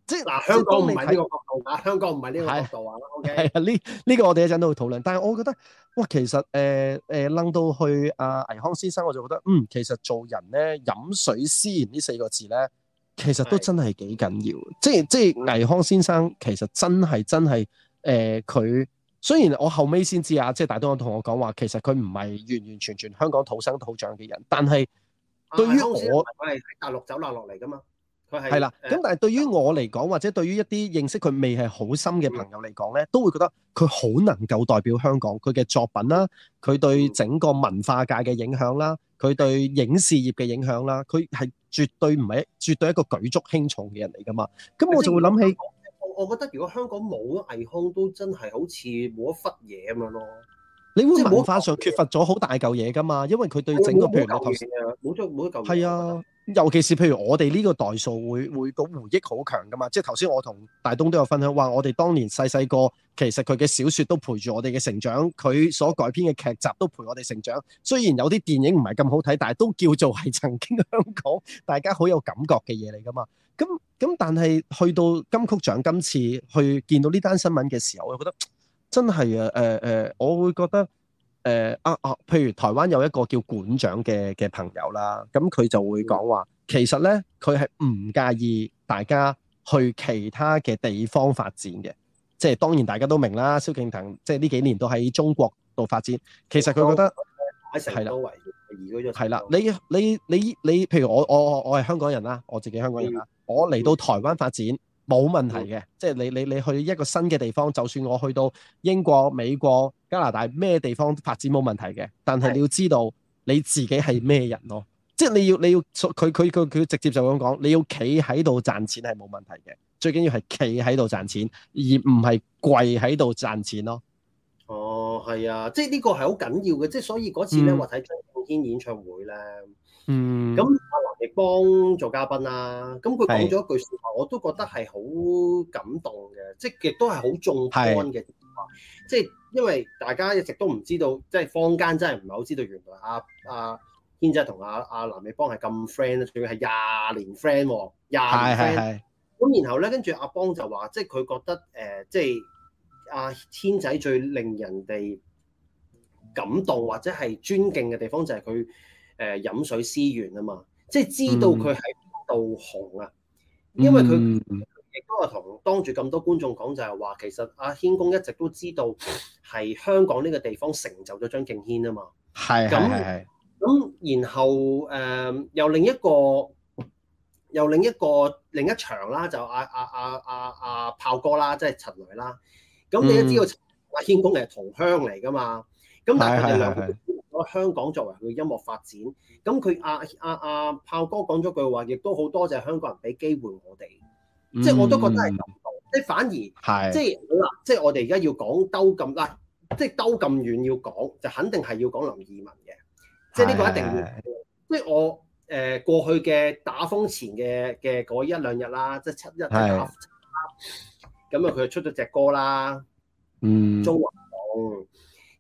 即係嗱，香港唔係呢個角度啊，即香港唔係呢個角度啊，OK 呢呢個我哋一陣都會討論，但係我覺得哇，其實誒誒拎到去阿倪、啊、匡先生，我就覺得嗯，其實做人咧飲水思源呢四個字咧，其實都真係幾緊要，即係即係倪匡先生、嗯嗯、其實真係真係誒佢。嗯雖然我後尾先知啊，即係大多人同我講話，其實佢唔係完完全全香港土生土長嘅人，但係對於我，我哋喺大陸走落落嚟噶嘛，佢係係啦。咁但係對於我嚟講，或者對於一啲認識佢未係好深嘅朋友嚟講咧，都會覺得佢好能夠代表香港。佢嘅作品啦，佢對整個文化界嘅影響啦，佢對影視業嘅影響啦，佢係絕對唔係絕對一個舉足輕重嘅人嚟噶嘛。咁我就會諗起。我覺得如果香港冇咗倪匡，都真係好似冇一忽嘢咁樣咯。你會文化上缺乏咗好大嚿嘢噶嘛。因為佢對整個香港投資冇咗冇一嚿。係啊。尤其是譬如我哋呢個代數會會個回憶好強噶嘛，即係頭先我同大東都有分享，話我哋當年細細個其實佢嘅小説都陪住我哋嘅成長，佢所改編嘅劇集都陪我哋成長。雖然有啲電影唔係咁好睇，但係都叫做係曾經嘅香港，大家好有感覺嘅嘢嚟噶嘛。咁，咁但係去到金曲獎今次去見到呢單新聞嘅時候，我覺得真係啊，誒誒、呃呃，我會覺得。誒啊、呃、啊！譬如台灣有一個叫館長嘅嘅朋友啦，咁佢就會講話，其實咧佢係唔介意大家去其他嘅地方發展嘅，即係當然大家都明啦。蕭敬騰即係呢幾年都喺中國度發展，其實佢覺得係啦，係啦，你你你你，譬如我我我我係香港人啦，我自己香港人啦，的我嚟到台灣發展。冇問題嘅，即係你你你去一個新嘅地方，就算我去到英國、美國、加拿大咩地方發展，冇問題嘅，但係你要知道你自己係咩人咯，即係你要你要佢佢佢佢直接就咁講，你要企喺度賺錢係冇問題嘅，最緊要係企喺度賺錢，而唔係跪喺度賺錢咯。哦，係啊，即係呢個係好緊要嘅，即係所以嗰次咧，我睇張敬軒演唱會啦。嗯，咁阿藍奕邦做嘉賓啦、啊，咁佢講咗一句說話，是我都覺得係好感動嘅，即係亦都係好眾歡中肯嘅，即係因為大家一直都唔知道，即係坊間真係唔係好知道，原來阿、啊、阿、啊、軒仔同阿阿藍奕邦係咁 friend 仲要係廿年 friend，廿、啊、年 friend。咁然後咧，跟住阿邦就話，即係佢覺得誒、呃，即係阿、啊、軒仔最令人哋感動或者係尊敬嘅地方就係佢。誒、呃、飲水思源啊嘛，即係知道佢喺邊度紅啊，嗯、因為佢亦都係同當住咁多觀眾講，就係話其實阿、啊、軒公一直都知道係香港呢個地方成就咗張敬軒啊嘛。係那，咁咁然後誒又、呃、另一個又另一個另一場啦，就阿阿阿阿阿炮哥啦，即、就、係、是、陳雷啦。咁你都知道阿、嗯啊、軒公係同鄉嚟㗎嘛？咁但係佢香港作為佢音樂發展，咁佢阿阿阿炮哥講咗句話，亦都好多謝香港人俾機會我哋，即係我都覺得係，即係、嗯、反而，是的 即係嗱，即係我哋而家要講兜咁嗱，即係兜咁遠要講，就肯定係要講林二汶嘅，即係呢個一定，即係是的 我誒過去嘅打風前嘅嘅嗰一兩日啦，即係七一，咁啊佢出咗隻歌啦，嗯，中國夢。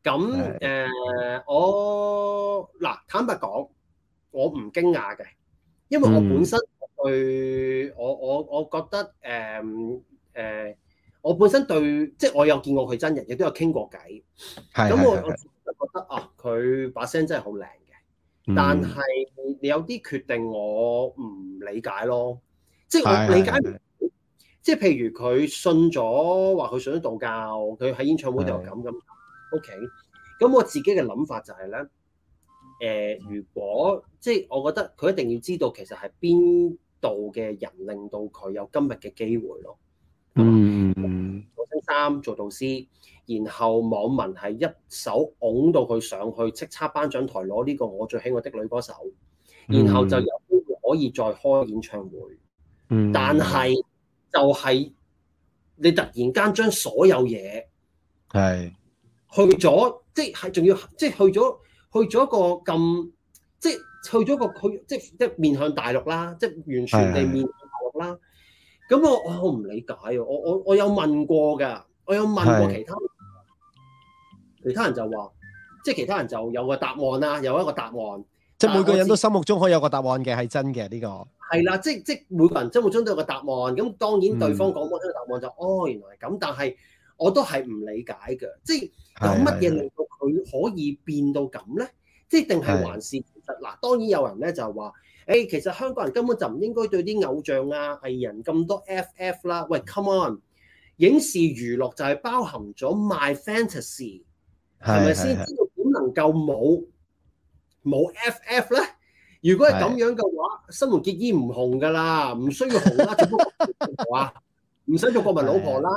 咁誒、uh,，我嗱坦白講，我唔驚訝嘅，因為我本身對、嗯、我我我覺得誒誒，uh, uh, 我本身對即係我有見過佢真人，亦都有傾過偈。係咁，我我覺得啊，佢把聲真係好靚嘅。嗯、但係你有啲決定我唔理解咯，即係我理解唔到即係譬如佢信咗，話佢上咗道教，佢喺演唱會度咁咁。是是 OK，咁我自己嘅諗法就係、是、咧，誒、呃、如果即係我覺得佢一定要知道其實係邊度嘅人令到佢有今日嘅機會咯。嗯，做星三做導師，然後網民係一手捧到佢上去，叱咤頒獎台攞呢個我最喜愛的，的女歌手，然後就有機會可以再開演唱會。嗯、但係就係、是、你突然間將所有嘢係。去咗即係仲要即係去咗去咗一個咁即係去咗個去即係即係面向大陸啦，即係完全地面向大陸啦。咁是的 我我我好唔理解啊！我我我有問過㗎，我有問過其他人是的 其他人就話，即係其他人就有個答案啦、啊，有一個答案。即係每個人都心目中可以有個答案嘅，係真嘅呢、這個、啊。係啦，即即係每個人心目中都有個答案。咁當然對方講過一個答案就哦，嗯、原來係咁。但係我都係唔理解嘅，即係。有乜嘢令到佢可以變到咁咧？即係定係還是其實嗱？是的 當然有人咧就係話，誒、欸，其實香港人根本就唔應該對啲偶像啊、藝人咁多 FF 啦。喂，Come on！影視娛樂就係包含咗 my fantasy，係咪先？知道點能夠冇冇 FF 咧？如果係咁樣嘅話，新垣結衣唔紅噶啦，唔需要紅啊，做乜老婆啊？唔使 做國民老婆啦，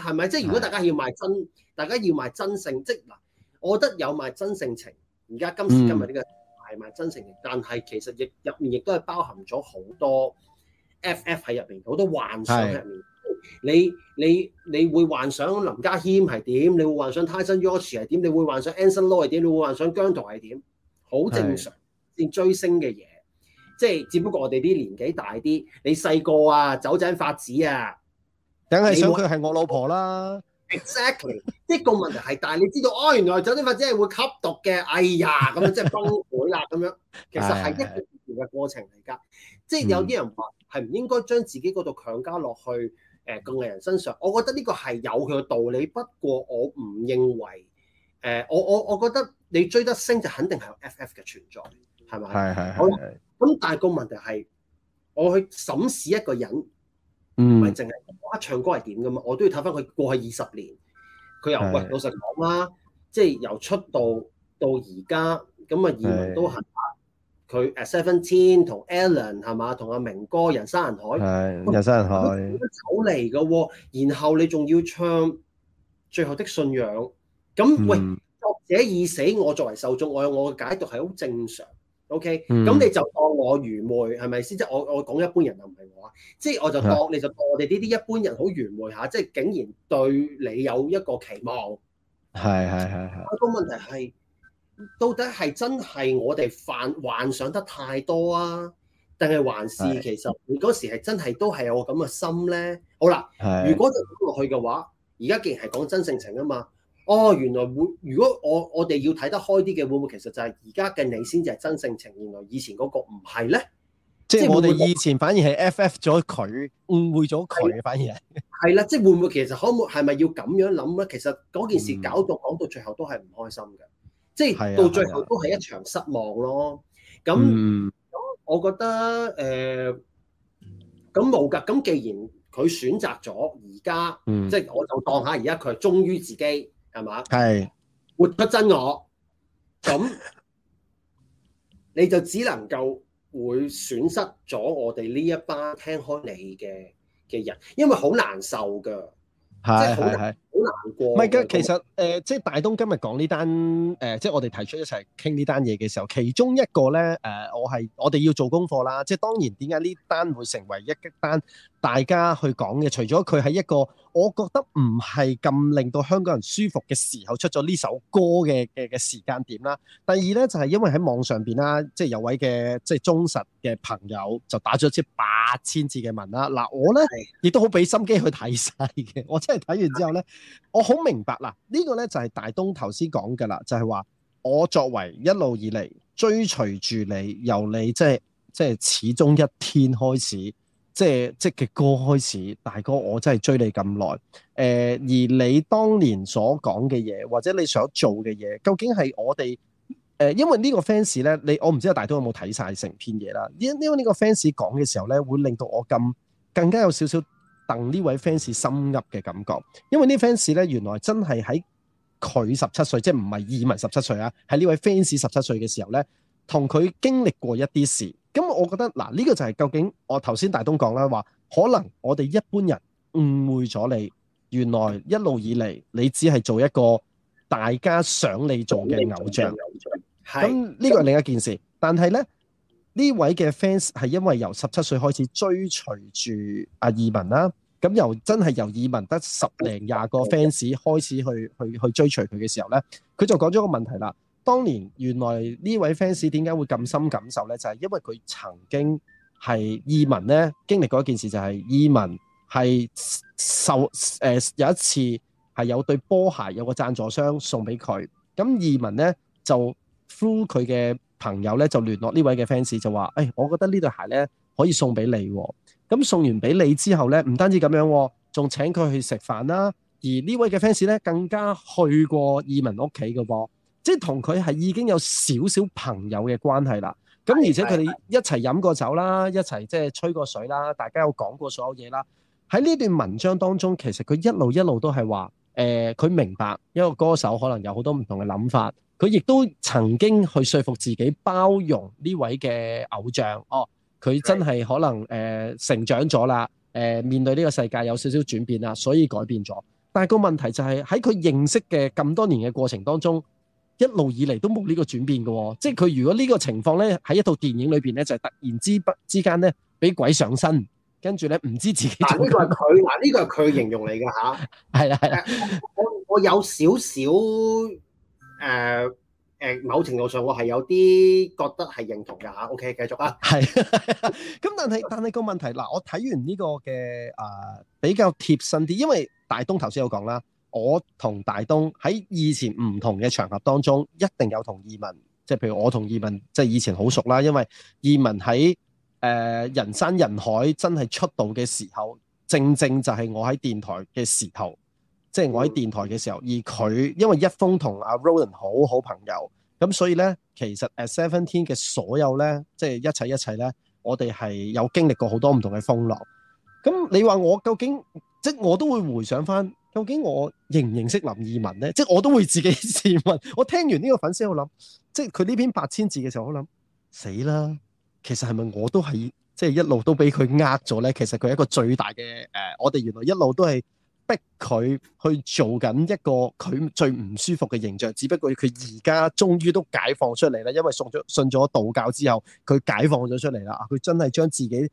係咪？即係如果大家要賣真。大家要埋真性，即嗱，我覺得有埋真性情，而家今時今日呢、這個係埋真性情，但係其實亦入面亦都係包含咗好多 FF 喺入面，好多幻想入面。是你你你會幻想林家謙係點？你會幻想 Taylor s w i f 係點？你會幻想 Anson Lo 係點？你會幻想姜 e n t 係點？好正常，你是追星嘅嘢，即係只不過我哋啲年紀大啲，你細個啊，走緊發子啊，梗係想佢係我老婆啦。Exactly，呢個問題係，但係你知道哦，原來酒精或者係會吸毒嘅，哎呀咁樣即係崩潰啦咁樣。其實係一個自然嘅過程嚟㗎，即係 的有啲人話係唔應該將自己嗰度強加落去誒個藝人身上。我覺得呢個係有佢嘅道理，不過我唔認為誒、呃，我我我覺得你追得星就肯定係有 FF 嘅存在，係咪？係係係。咁 但係個問題係，我去審視一個人。唔係淨係講哇唱歌係點噶嘛？我都要睇翻佢過去二十年，佢由是喂老實講啦，即係由出道到而家，咁啊移民都係，佢誒 at17 同 Ellen 係嘛，同、e、阿明哥人山人海，人山人海，走嚟噶喎。然後你仲要唱最後的信仰，咁喂作者、嗯、已死，我作為受眾，我有我嘅解讀係好正常。O.K. 咁、嗯、你就當我愚昧係咪先？即係我我講一般人又唔係我，即係我就當、嗯、你就當我哋呢啲一般人好愚昧下，即係竟然對你有一個期望。係係係係，不過個問題係到底係真係我哋幻幻想得太多啊？定係還是其實你嗰時係真係都係有咁嘅心咧？好啦，係、如果就咁落去嘅話，而家既然係講真性情啊嘛。哦，原來會如果我我哋要睇得開啲嘅，會唔會其實就係而家嘅你先至係真性情？原來以前嗰個唔係咧，即係我哋以前反而係 FF 咗佢，誤會咗佢，反而係啦是。 即係會唔會其實可唔可以係咪要咁樣諗咧？其實嗰件事搞到講到最後都係唔開心嘅，嗯、即係到最後都係一場失望咯。咁、嗯、我覺得誒咁冇㗎。咁、呃、既然佢選擇咗而家，嗯、即係我就當下而家佢係忠於自己。係嘛？係是活出真我，咁你就只能夠會損失咗我哋呢一班聽開你嘅嘅人，因為好難受㗎，即係好。係噶、啊，其實誒、呃，即係大東今日講呢單誒、呃，即係我哋提出一齊傾呢單嘢嘅時候，其中一個咧誒、呃，我係我哋要做功課啦，即係當然點解呢單會成為一單大家去講嘅？除咗佢係一個我覺得唔係咁令到香港人舒服嘅時候出咗呢首歌嘅嘅嘅時間點啦，第二咧就係、是、因為喺網上邊啦，即係有位嘅即係忠實嘅朋友就打咗支八千字嘅文啦，嗱、啊、我咧亦都好俾心機去睇晒嘅，我真係睇完之後咧。 我好明白喇，呢、這個呢就係大東頭先講嘅啦，就係、是、話我作為一路以嚟追隨住你，由你即係即係始終一天開始，就是、即係即嘅歌開始，大哥我真係追你咁耐。誒、呃、而你當年所講嘅嘢，或者你想做嘅嘢，究竟係我哋誒、呃？因為呢個 fans 呢，你我唔知阿大東有冇睇晒成篇嘢啦。因因為呢個 fans 講嘅時候呢，會令到我咁更加有少少。鄧呢位 fans 心噏嘅感覺，因為呢 fans 咧原來真係喺佢十七歲，即係唔係二汶十七歲啊，喺呢位 fans 十七歲嘅時候咧，同佢經歷過一啲事。咁、嗯、我覺得嗱，呢、這個就係究竟我頭先大東講啦，話可能我哋一般人誤會咗你，原來一路以嚟你只係做一個大家想你做嘅偶像。咁呢個係另一件事，但係咧。呢位嘅 fans 係因為由十七歲開始追隨住阿二汶啦，咁由真係由二汶得十零廿個 fans 開始去去去追隨佢嘅時候咧，佢就講咗個問題啦。當年原來呢位 fans 點解會咁深感受咧？就係、是、因為佢曾經係二汶咧經歷過一件事就，就係二汶係受誒有一次係有對波鞋有個贊助商送俾佢，咁二汶咧就 through 佢嘅。朋友咧就聯絡呢位嘅 fans 就話：誒、哎，我覺得呢對鞋呢可以送俾你、啊。咁送完俾你之後呢，唔單止咁樣、啊，仲請佢去食飯啦、啊。而呢位嘅 fans 咧更加去過二汶屋企嘅噃，即係同佢係已經有少少朋友嘅關係啦。咁而且佢哋一齊飲過酒啦，一齊即係吹過水啦，大家有講過所有嘢啦。喺呢段文章當中，其實佢一路一路都係話：誒、呃，佢明白一個歌手可能有好多唔同嘅諗法。佢亦都曾經去說服自己包容呢位嘅偶像，哦，佢真係可能誒、呃、成長咗啦，誒、呃、面對呢個世界有少少轉變啦，所以改變咗。但係個問題就係喺佢認識嘅咁多年嘅過程當中，一路以嚟都冇呢個轉變嘅喎、哦。即係佢如果呢個情況咧，喺一套電影裏邊咧，就是、突然之間咧俾鬼上身，跟住咧唔知自己個。嗱呢個係佢，嗱呢個係佢形容嚟㗎嚇，係啦係啦，我我有少少，少。誒誒，某程度上我係有啲覺得係認同嘅嚇。OK，繼續啊。係。 咁但係但係個問題嗱，我睇完呢個嘅誒，比較貼身啲，因為大東頭先有講啦，我同大東喺以前唔同嘅場合當中，一定有同二汶，即係譬如我同二汶即係以前好熟啦，因為二汶喺誒，人山人海真係出道嘅時候，正正就係我喺電台嘅時候。即係我喺電台嘅時候，而佢因為一峰同阿 Roland 好好朋友，咁所以咧，其實誒 Seventeen 嘅所有咧，即係一切一切咧，我哋係有經歷過好多唔同嘅風浪。咁你話我究竟，即係我都會回想翻，究竟我認唔認識林二汶咧？即係我都會自己自問。我聽完呢個粉絲我諗，即係佢呢篇八千字嘅時候我諗，死啦！其實係咪我都係即係一路都俾佢呃咗咧？其實佢係一個最大嘅誒、呃，我哋原來一路都係。逼佢去做緊一個佢最唔舒服嘅形象，只不過佢而家終於都解放出嚟啦。因為送咗信咗信咗道教之後，佢解放咗出嚟啦。啊，佢真係將自己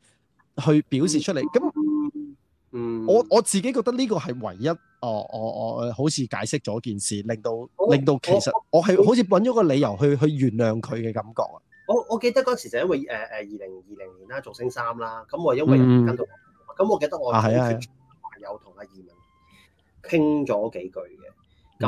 去表示出嚟。咁，嗯，嗯，我我自己覺得呢個係唯一哦，我我，我好似解釋咗件事，令到令到其實我係好似揾咗個理由去去原諒佢嘅感覺啊。我我記得嗰時就因為誒誒二零二零年啦，做星三啦，咁我因為跟到咁，我記得、呃、我有同阿二。嗯傾咗幾句嘅，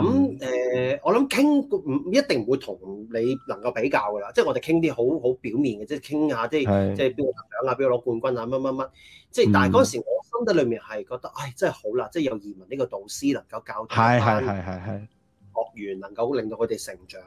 咁誒、嗯呃，我諗傾唔一定會同你能夠比較㗎啦，即係我哋傾啲好好表面嘅，即係傾下啲即係邊個得獎啊，邊個攞冠軍啊，乜乜乜，即係嗯、但係嗰時我心底裏面係覺得，唉，真係好啦，即係有移民呢個導師能夠教導，但係學員能夠令到佢哋成長，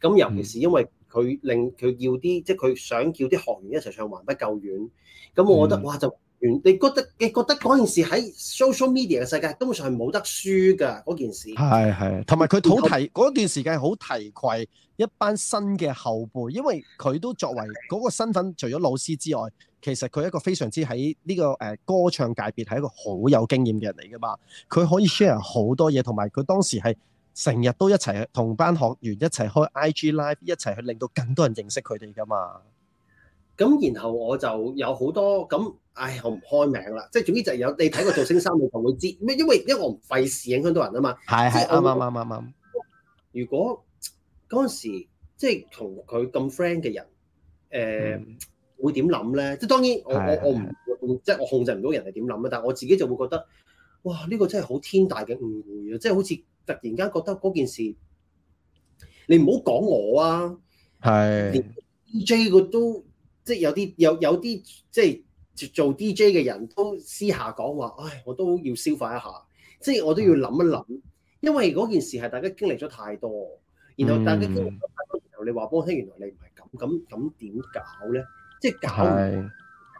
咁尤其是因為佢令佢要啲，即係佢想叫啲學員一齊唱還不夠遠，咁我覺得哇就～、嗯你覺得你覺得嗰件事喺 social media 嘅世界根本上係冇得輸嘅嗰件事。係係，同埋佢好提嗰段時間係好提携一班新嘅後輩，因為佢都作為嗰個身份， 除咗老師之外，其實佢一個非常之喺呢個誒歌唱界別係一個好有經驗嘅人嚟噶嘛。佢可以 share 好多嘢，同埋佢當時係成日都一齊同班學員一齊開 IG Live，一齊去令到更多人認識佢哋噶嘛。咁然後我就有好多咁，唉，我唔開名啦，即係總之就係有你睇過造星三，你同佢知咩？因為因為我唔費事影響到人啊嘛。係係啱啱啱啱啱。如果嗰陣時即係同佢咁 friend 嘅人，誒、呃、會點諗咧？即係當然，我的我我唔即係我控制唔到人係點諗啊！但係我自己就會覺得，哇！呢、呢個真係好天大嘅誤會啊！即係好似突然間覺得嗰件事，你唔好講我啊！係的 DJ 個都。即係有啲有有啲即係做 DJ 嘅人都私下講話，唉，我都要消化一下，即係我都要諗一諗，嗯、因為嗰件事係大家經歷咗太多，然後大家經歷咗太多，然後你話波兄，原來你唔係咁，咁咁點搞咧？即係搞唔是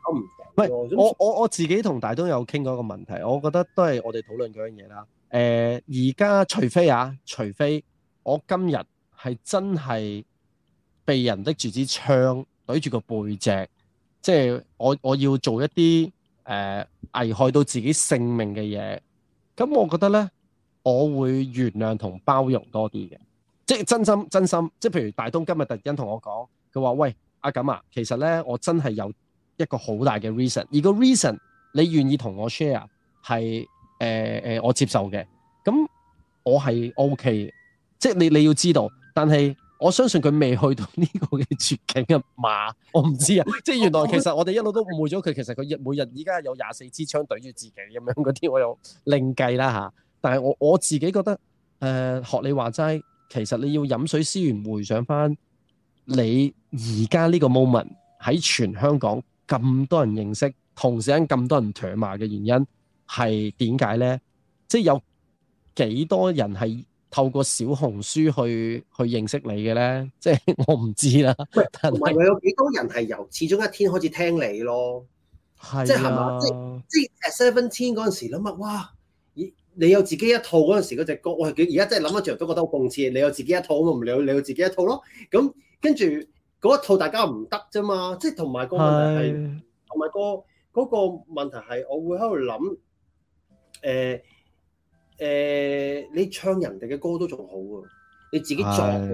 搞唔妥？喂，我我我自己同大東有傾過一個問題，我覺得都係我哋討論嗰樣嘢啦。誒、呃，而家除非啊，除非我今日係真係被人拎住支槍。懟住個背脊，即係我我要做一啲誒、呃、危害到自己性命嘅嘢，咁我覺得呢，我會原諒同包容多啲嘅，即係真心真心，即係譬如大東今日特登同我講，佢話喂阿錦啊，其實呢，我真係有一個好大嘅 reason，而個 reason 你願意同我 share 係誒誒我接受嘅，咁我係 ok，即係你你要知道，但係。我相信佢未去到呢個嘅絕境嘅嘛，我唔知啊。即係原來其實我哋一路都誤會咗佢，其實佢日每日而家有廿四支槍懟住自己咁樣嗰啲，我有另計啦吓，但係我我自己覺得，誒、呃、學你話齋，其實你要飲水思源，回想翻你而家呢個 moment 喺全香港咁多人認識同時間咁多人唾罵嘅原因係點解咧？即係有幾多人係。透過小紅書去去認識你嘅咧，即 係我唔知啦。同埋有幾多人係由始終一天開始聽你咯？係是、啊、即係嘛？即即 Seventeen 嗰陣時諗啊！哇，你你有自己一套嗰陣時嗰隻歌，我而家真係諗一著都覺得好諷刺。你有自己一套，咁唔理，你有自己一套咯？咁跟住嗰一套大家唔得啫嘛？即係同埋個問題係，同埋是、嗰個嗰、嗰個問題係，我會喺度諗誒。呃誒、呃，你唱人哋嘅歌都仲好啊，你自己做嘅，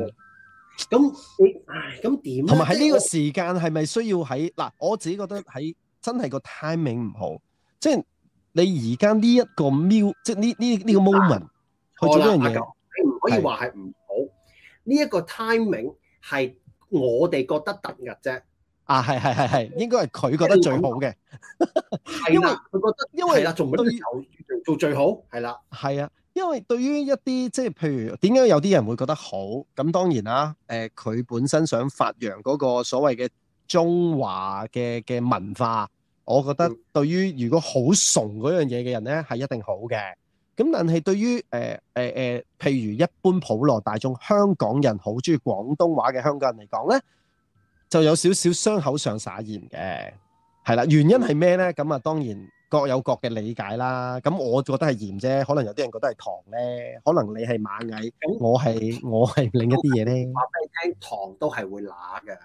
咁的你，唉，咁點？同埋喺呢個時間係咪需要喺嗱？我自己覺得喺真係個 timing 唔好，就是、ew，即係你而家呢一個秒、啊，即係呢呢呢個 moment，去做啦，阿牛、啊啊，你唔可以話係唔好，呢一的個 timing 係我哋覺得突兀啫。啊，係係係係，應該係佢覺得最好嘅， 因啦為，佢覺得，因為於做最好係啦，係啊，因為對於一啲即係譬如點解有啲人會覺得好咁，當然啦、啊，誒、呃、佢本身想發揚嗰個所謂嘅中華嘅嘅文化，我覺得對於如果好崇嗰樣嘢嘅人咧係一定好嘅，咁但係對於誒誒誒，譬如一般普羅大眾，香港人好鍾意廣東話嘅香港人嚟講咧。就有少少傷口上撒鹽嘅，係啦。原因係咩咧？咁啊，當然各有各嘅理解啦。咁我覺得係鹽啫，可能有啲人覺得係糖咧。可能你係螞蟻，我係我係另一啲嘢咧。話俾你聽，糖都係會乸㗎。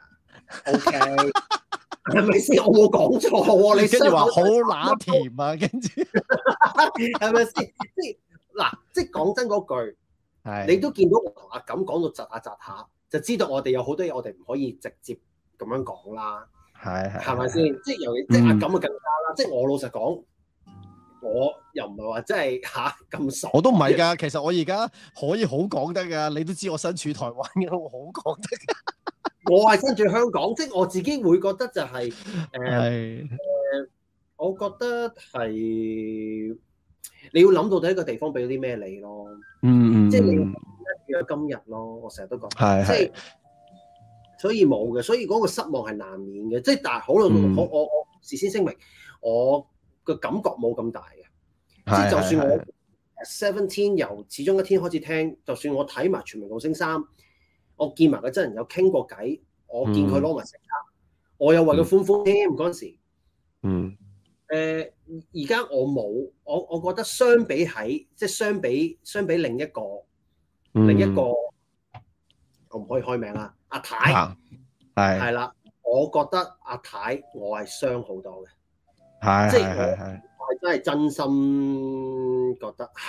O K 係咪先？我冇講錯喎。你跟住話好乸甜啊，跟住係咪先？即係嗱，即係講真嗰句，係你都見到我同阿錦講到窒下窒下，就知道我哋有好多嘢，我哋唔可以直接。咁樣講啦，係係，係咪先？即係尤其，即係咁啊，更加啦！即係我老實講，我又唔係話真係吓咁傻。我都唔係㗎，其實我而家可以好講得㗎，你都知我身處台灣嘅，我好講得㗎。我係身處香港，即係我自己會覺得就係誒誒，我覺得係你要諗到底一個地方俾咗啲咩你咯。嗯，即係今日今日咯，我成日都講係係。所以冇嘅，所以嗰個失望係難免嘅。即係但係好耐，我我我事先聲明，我個感覺冇咁大嘅。即係就算我 Seventeen 由始終一天開始聽，就算我睇埋全民造星三，我見埋個真人有傾過偈，我見佢攞埋成卡，我又為佢歡呼添嗰陣時。嗯。誒，而家我冇，我我覺得相比喺即係相比相比另一個、嗯、另一個，我唔可以開名啦。阿、啊、太係係啦，我覺得阿、啊、太，太我係傷好多嘅，即係 我係真係真心覺得，唉，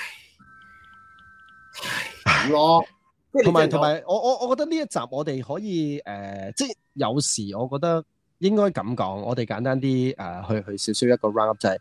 咁咯。同埋同埋，我我我覺得呢一集我哋可以誒、呃，即係有時我覺得應該咁講，我哋簡單啲誒、呃，去去少少一個 round 就係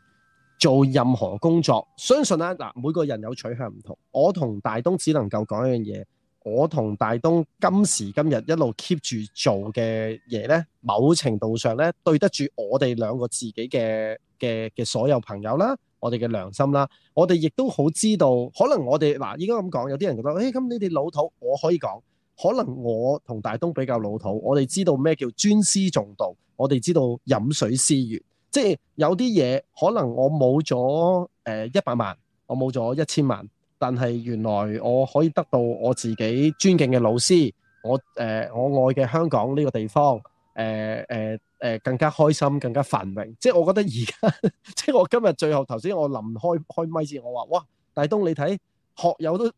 做任何工作，相信咧、啊、嗱，每個人有取向唔同，我同大東只能夠講一樣嘢。我同大東今時今日一路 keep 住做嘅嘢呢，某程度上呢，對得住我哋兩個自己嘅嘅嘅所有朋友啦，我哋嘅良心啦，我哋亦都好知道，可能我哋嗱依家咁講，有啲人覺得，誒咁你哋老土，我可以講，可能我同大東比較老土，我哋知道咩叫尊師重道，我哋知道飲水思源，即係有啲嘢可能我冇咗誒一百萬，我冇咗一千萬。但係原來我可以得到我自己尊敬嘅老師，我誒、呃、我愛嘅香港呢個地方，誒誒誒更加開心，更加繁榮。即係我覺得而家，即係我今日最後頭先我臨開開麥先，我話哇，大東你睇學友都呵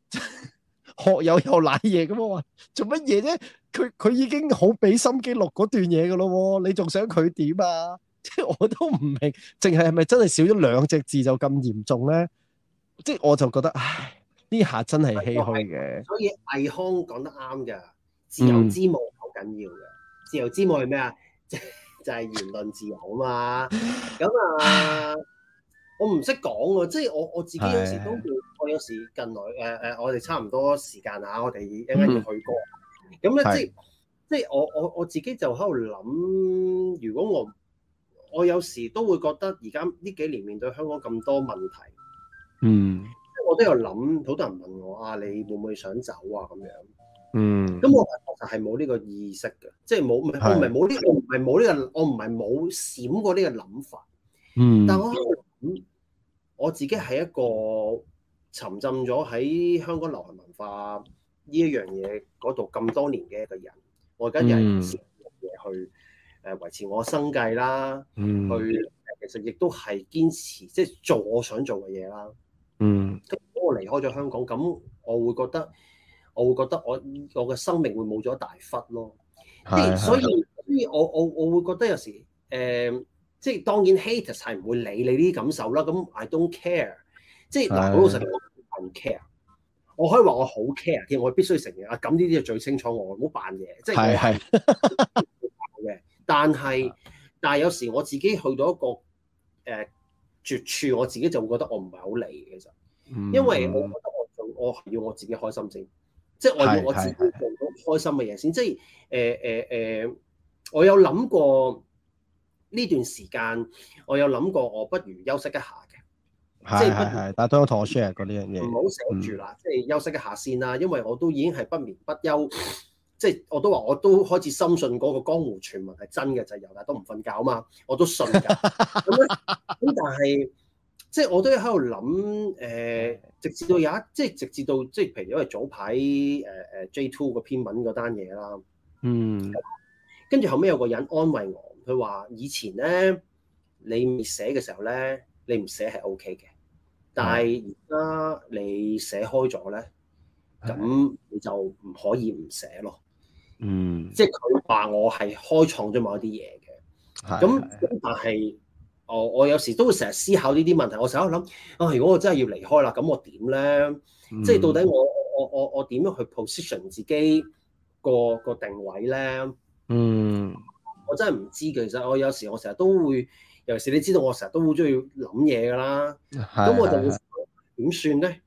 呵學友又瀨嘢咁啊，做乜嘢啫？佢佢已經好俾心機錄嗰段嘢噶咯，你仲想佢點啊？即係我都唔明，淨係係咪真係少咗兩隻字就咁嚴重咧？即係，我就覺得，唉，呢下真係唏噓嘅。所以倪匡講得啱㗎，自由之母好緊要嘅。嗯、自由之母係咩啊？即 係就係言論自由啊嘛。咁啊，唉我唔識講喎。即係我我自己有時都會，我有時近來誒誒、呃，我哋差唔多時間啊，我哋一陣間要去過。咁咧、嗯，即係是即係我我我自己就喺度諗，如果我我有時都會覺得，而家呢幾年面對香港咁多問題。嗯，即係、mm hmm. 我都有諗，好多人問我啊，你會唔會想走啊？咁樣，嗯、mm，咁、hmm. 我確實係冇呢個意識嘅，即係冇，唔係冇呢個，我唔係冇呢個，我唔係冇閃過呢個諗法，嗯、mm，hmm. 但係我，我自己係一個沉浸咗喺香港流行文化呢一樣嘢嗰度咁多年嘅一個人，我而家又係成日去誒維持我生計啦，mm hmm. 去其實亦都係堅持即係、就是、做我想做嘅嘢啦。嗯，咁我離開咗香港，咁我會覺得，我會覺得我我嘅生命會冇咗大忽咯。即所以，所以我我我會覺得有時，誒、呃，即、就、係、是、當然 haters 係唔會理你呢啲感受啦。咁 I don't care，即係嗱，是老實講，我唔 care。我可以話我好 care 添，我必須承認啊。咁呢啲係最清楚我，我，唔好扮嘢。即係係係嘅，但係但係有時我自己去到一個誒。呃絕處我自己就會覺得我唔係好理。其實，因為我覺得我我要我自己開心先，嗯、即係我要我自己做到開心嘅嘢先。係係係即係誒誒誒，我有諗過呢段時間，我有諗過我不如休息一下嘅。係係係即係係係，但都有同我 share 過呢樣嘢。唔好寫住啦，嗯、即係休息一下先啦，因為我都已經係不眠不休。 即係我都話我都開始深信嗰個江湖傳聞係真嘅，就係由大都唔瞓覺啊嘛，我都信㗎。咁咁、 嗯，但係即係我都喺度諗誒，直至到有一即係直至到即係譬如因為早排誒誒 J2 個篇文嗰單嘢啦，嗯，跟住、嗯、後尾有個人安慰我，佢話以前咧你未寫嘅時候咧，你唔寫係 OK 嘅，但係而家你寫開咗咧，咁、嗯、你就唔可以唔寫咯。嗯，即係佢話我係開創咗某啲嘢嘅，咁是但係我我有時都會成日思考呢啲問題。我成日諗啊，如果我真係要離開啦，咁我點咧？嗯、即係到底我我我我點樣去 position 自己個、個定位咧？嗯，我真係唔知。其實我有時我成日都會，尤其是你知道我成日都好中意諗嘢㗎啦。咁我就會點算咧？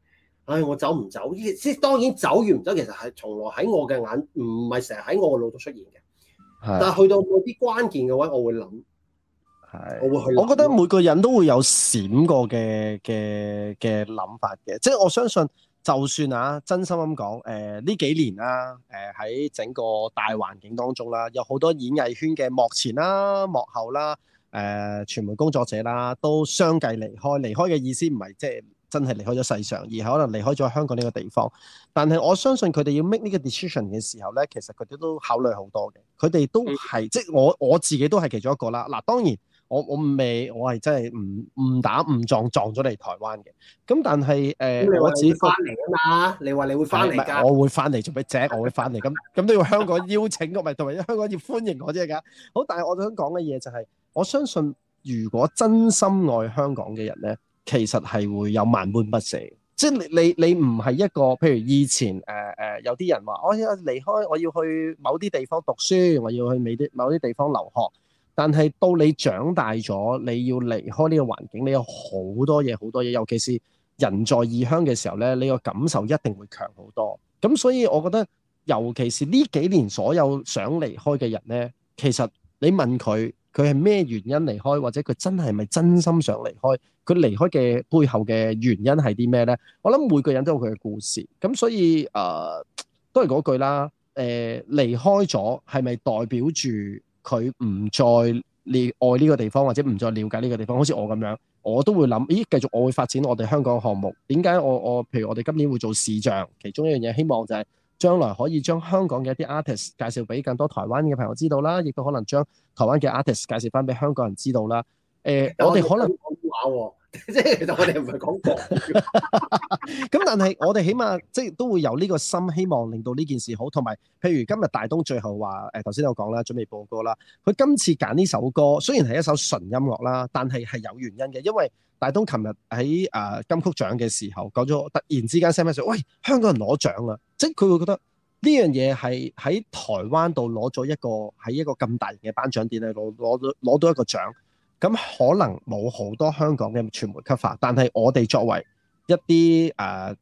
唉，我走唔走？即當然走完唔走，其實係從來喺我嘅眼，唔係成日喺我嘅腦度出現嘅。的但係去到嗰啲關鍵嘅位，我會諗。係的，我會去諗。我覺得每個人都會有閃過嘅嘅嘅諗法嘅，即係我相信，就算啊，真心咁講，誒、呃、呢幾年啦、啊，誒、呃、喺整個大環境當中啦、啊，有好多演藝圈嘅幕前啦、啊、幕後啦、啊，誒、呃、傳媒工作者啦、啊，都相繼離開。離開嘅意思唔係即係。就是真係離開咗世上，而係可能離開咗香港呢個地方。但係我相信佢哋要 make 呢個 decision 嘅時候咧，其實佢哋都考慮好多嘅。佢哋都係即係我我自己都係其中一個啦。嗱，當然我我未我係真係唔唔打唔撞撞咗嚟台灣嘅。咁但係誒，我只翻嚟啊嘛！你話你會翻嚟，我你你會翻嚟做咩姐，我會翻嚟咁咁都要香港邀請我，咪同埋香港要歡迎我啫㗎。好，但係我想講嘅嘢就係，我相信如果真心愛香港嘅人咧。其實係會有萬般不捨，即係你你唔係一個，譬如以前誒誒、呃呃、有啲人話，我離開我要去某啲地方讀書，我要去某啲某啲地方留學。但係到你長大咗，你要離開呢個環境，你有好多嘢好多嘢，尤其是人在異鄉嘅時候呢，你個感受一定會強好多。咁所以我覺得，尤其是呢幾年所有想離開嘅人呢，其實你問佢佢係咩原因離開，或者佢真係咪真心想離開？佢離開嘅背後嘅原因係啲咩呢？我諗每個人都有佢嘅故事，咁所以誒、呃、都係嗰句啦。誒、呃、離開咗係咪代表住佢唔再戀愛呢個地方，或者唔再了解呢個地方？好似我咁樣，我都會諗，咦，繼續我會發展我哋香港項目。點解我我譬如我哋今年會做視像？其中一樣嘢希望就係將來可以將香港嘅一啲 artist 介紹俾更多台灣嘅朋友知道啦，亦都可能將台灣嘅 artist 介紹翻俾香港人知道啦。誒、呃，對我哋可能。即係 其實我哋唔係講過，咁但係我哋起碼即係、就是、都會有呢個心，希望令到呢件事好。同埋，譬如今日大東最後話誒，頭先有講啦，準備播歌啦。佢今次揀呢首歌，雖然係一首純音樂啦，但係係有原因嘅，因為大東琴日喺誒金曲獎嘅時候講咗，突然之間 send m 喂，香港人攞獎啦！即係佢會覺得呢樣嘢係喺台灣度攞咗一個喺一個咁大型嘅頒獎典禮攞攞到攞到一個獎。咁可能冇好多香港嘅傳媒 cover，但係我哋作為一啲誒，Uh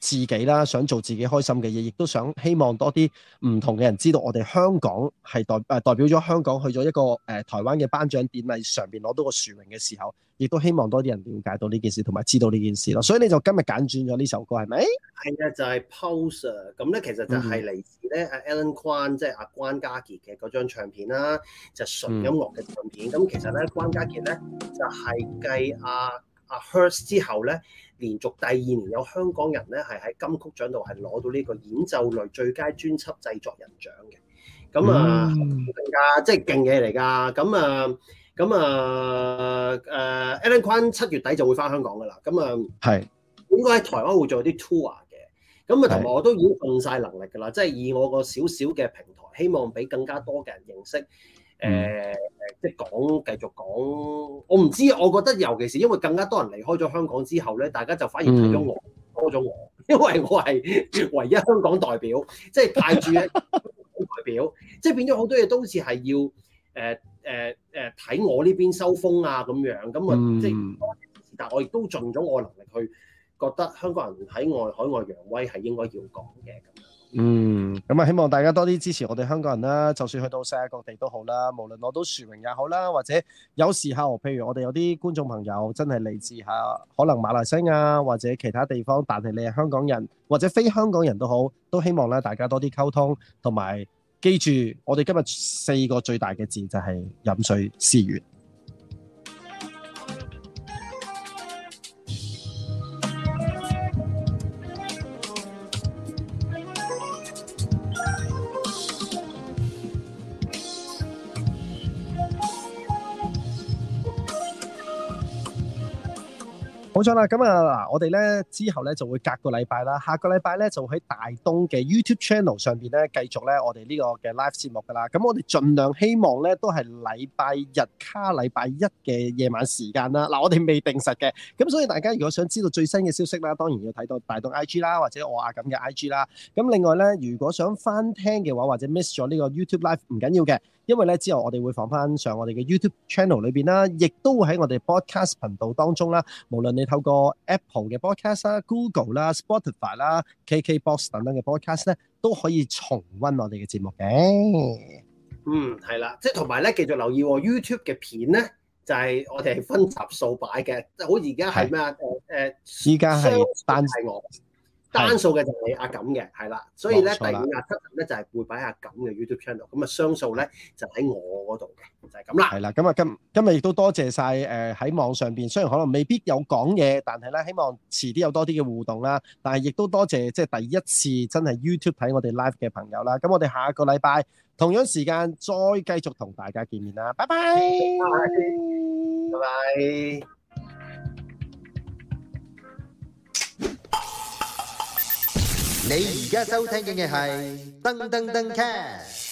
自己啦，想做自己開心嘅嘢，亦都想希望多啲唔同嘅人知道我哋香港係代誒代表咗香港去咗一個誒台灣嘅頒獎典禮上邊攞到個殊榮嘅時候，亦都希望多啲人了解，解到呢件事同埋知道呢件事咯。所以你就今日揀轉咗呢首歌係咪？係、就是、啊，就係 poser。咁咧其實就係嚟自咧阿 Alan Kwan 即係阿關家傑嘅嗰張唱片啦，就純、是、音樂嘅唱片。咁、啊嗯、其實咧關家傑咧就係、是、繼阿阿 Hearst 之後咧。連續第二年有香港人咧係喺金曲獎度係攞到呢個演奏類最佳專輯製作人獎嘅，咁啊更加、嗯、即係勁嘢嚟㗎，咁啊咁啊誒、uh, uh,，Alan Kwan 七月底就會翻香港㗎啦，咁啊係是應該喺台灣會做啲 tour 嘅，咁啊同埋是我都已經用晒能力㗎啦，是即係以我個少少嘅平台，希望俾更加多嘅人認識。誒、mm hmm. 呃，即係講繼續講，我唔知，我覺得尤其是因為更加多人離開咗香港之後咧，大家就反而睇咗我、mm hmm. 多咗我，因為我係唯一香港代表，即係帶住嘅香港代表， 即係變咗好多嘢都好似係要誒誒誒睇我呢邊收風啊咁樣，咁啊即係唔多，mm hmm. 但係我亦都盡咗我能力去覺得香港人喺外海外揚威係應該要講嘅咁嗯，咁啊，希望大家多啲支持我哋香港人啦，就算去到世界各地都好啦，無論攞到殊榮也好啦，或者有時候，譬如我哋有啲觀眾朋友真係嚟自下可能馬來西亞或者其他地方，但係你係香港人或者非香港人都好，都希望咧大家多啲溝通，同埋記住我哋今日四個最大嘅字就係飲水思源。好，咁啦，咁啊嗱，我哋咧之後咧就會隔個禮拜啦，下個禮拜咧就喺大東嘅 YouTube channel 上邊咧繼續咧我哋呢個嘅 live 節目噶啦。咁我哋儘量希望咧都係禮拜日加禮拜一嘅夜晚時間啦。嗱，我哋未定實嘅，咁所以大家如果想知道最新嘅消息啦，當然要睇到大東 IG 啦，或者我阿錦嘅 IG 啦。咁另外咧，如果想翻聽嘅話，或者 miss 咗呢個 YouTube live 唔緊要嘅。因為咧之後我哋會放翻上我哋嘅 YouTube channel 裏邊啦，亦都會喺我哋 Podcast 頻道當中啦。無論你透過 Apple 嘅 Podcast 啦、Google 啦、Spotify 啦、KKBox 等等嘅 Podcast 咧，都可以重温我哋嘅節目嘅。嗯，係啦，即係同埋咧，繼續留意我 YouTube 嘅片咧，就係、是、我哋係分集數擺嘅。即好而家係咩啊？誒誒，而家係單帶我。呃單數嘅就係阿錦嘅，係啦，所以咧第二個 channel 咧就係會擺阿錦嘅 YouTube channel，咁啊雙數咧就喺我嗰度嘅，就係咁啦。係啦，咁啊今今日亦都多謝晒誒喺網上邊，雖然可能未必有講嘢，但係咧希望遲啲有多啲嘅互動啦。但係亦都多謝即係第一次真係 YouTube 睇我哋 live 嘅朋友啦。咁我哋下一個禮拜同樣時間再繼續同大家見面啦。拜拜，拜拜。拜拜。你而家收聽嘅係噔噔噔 cat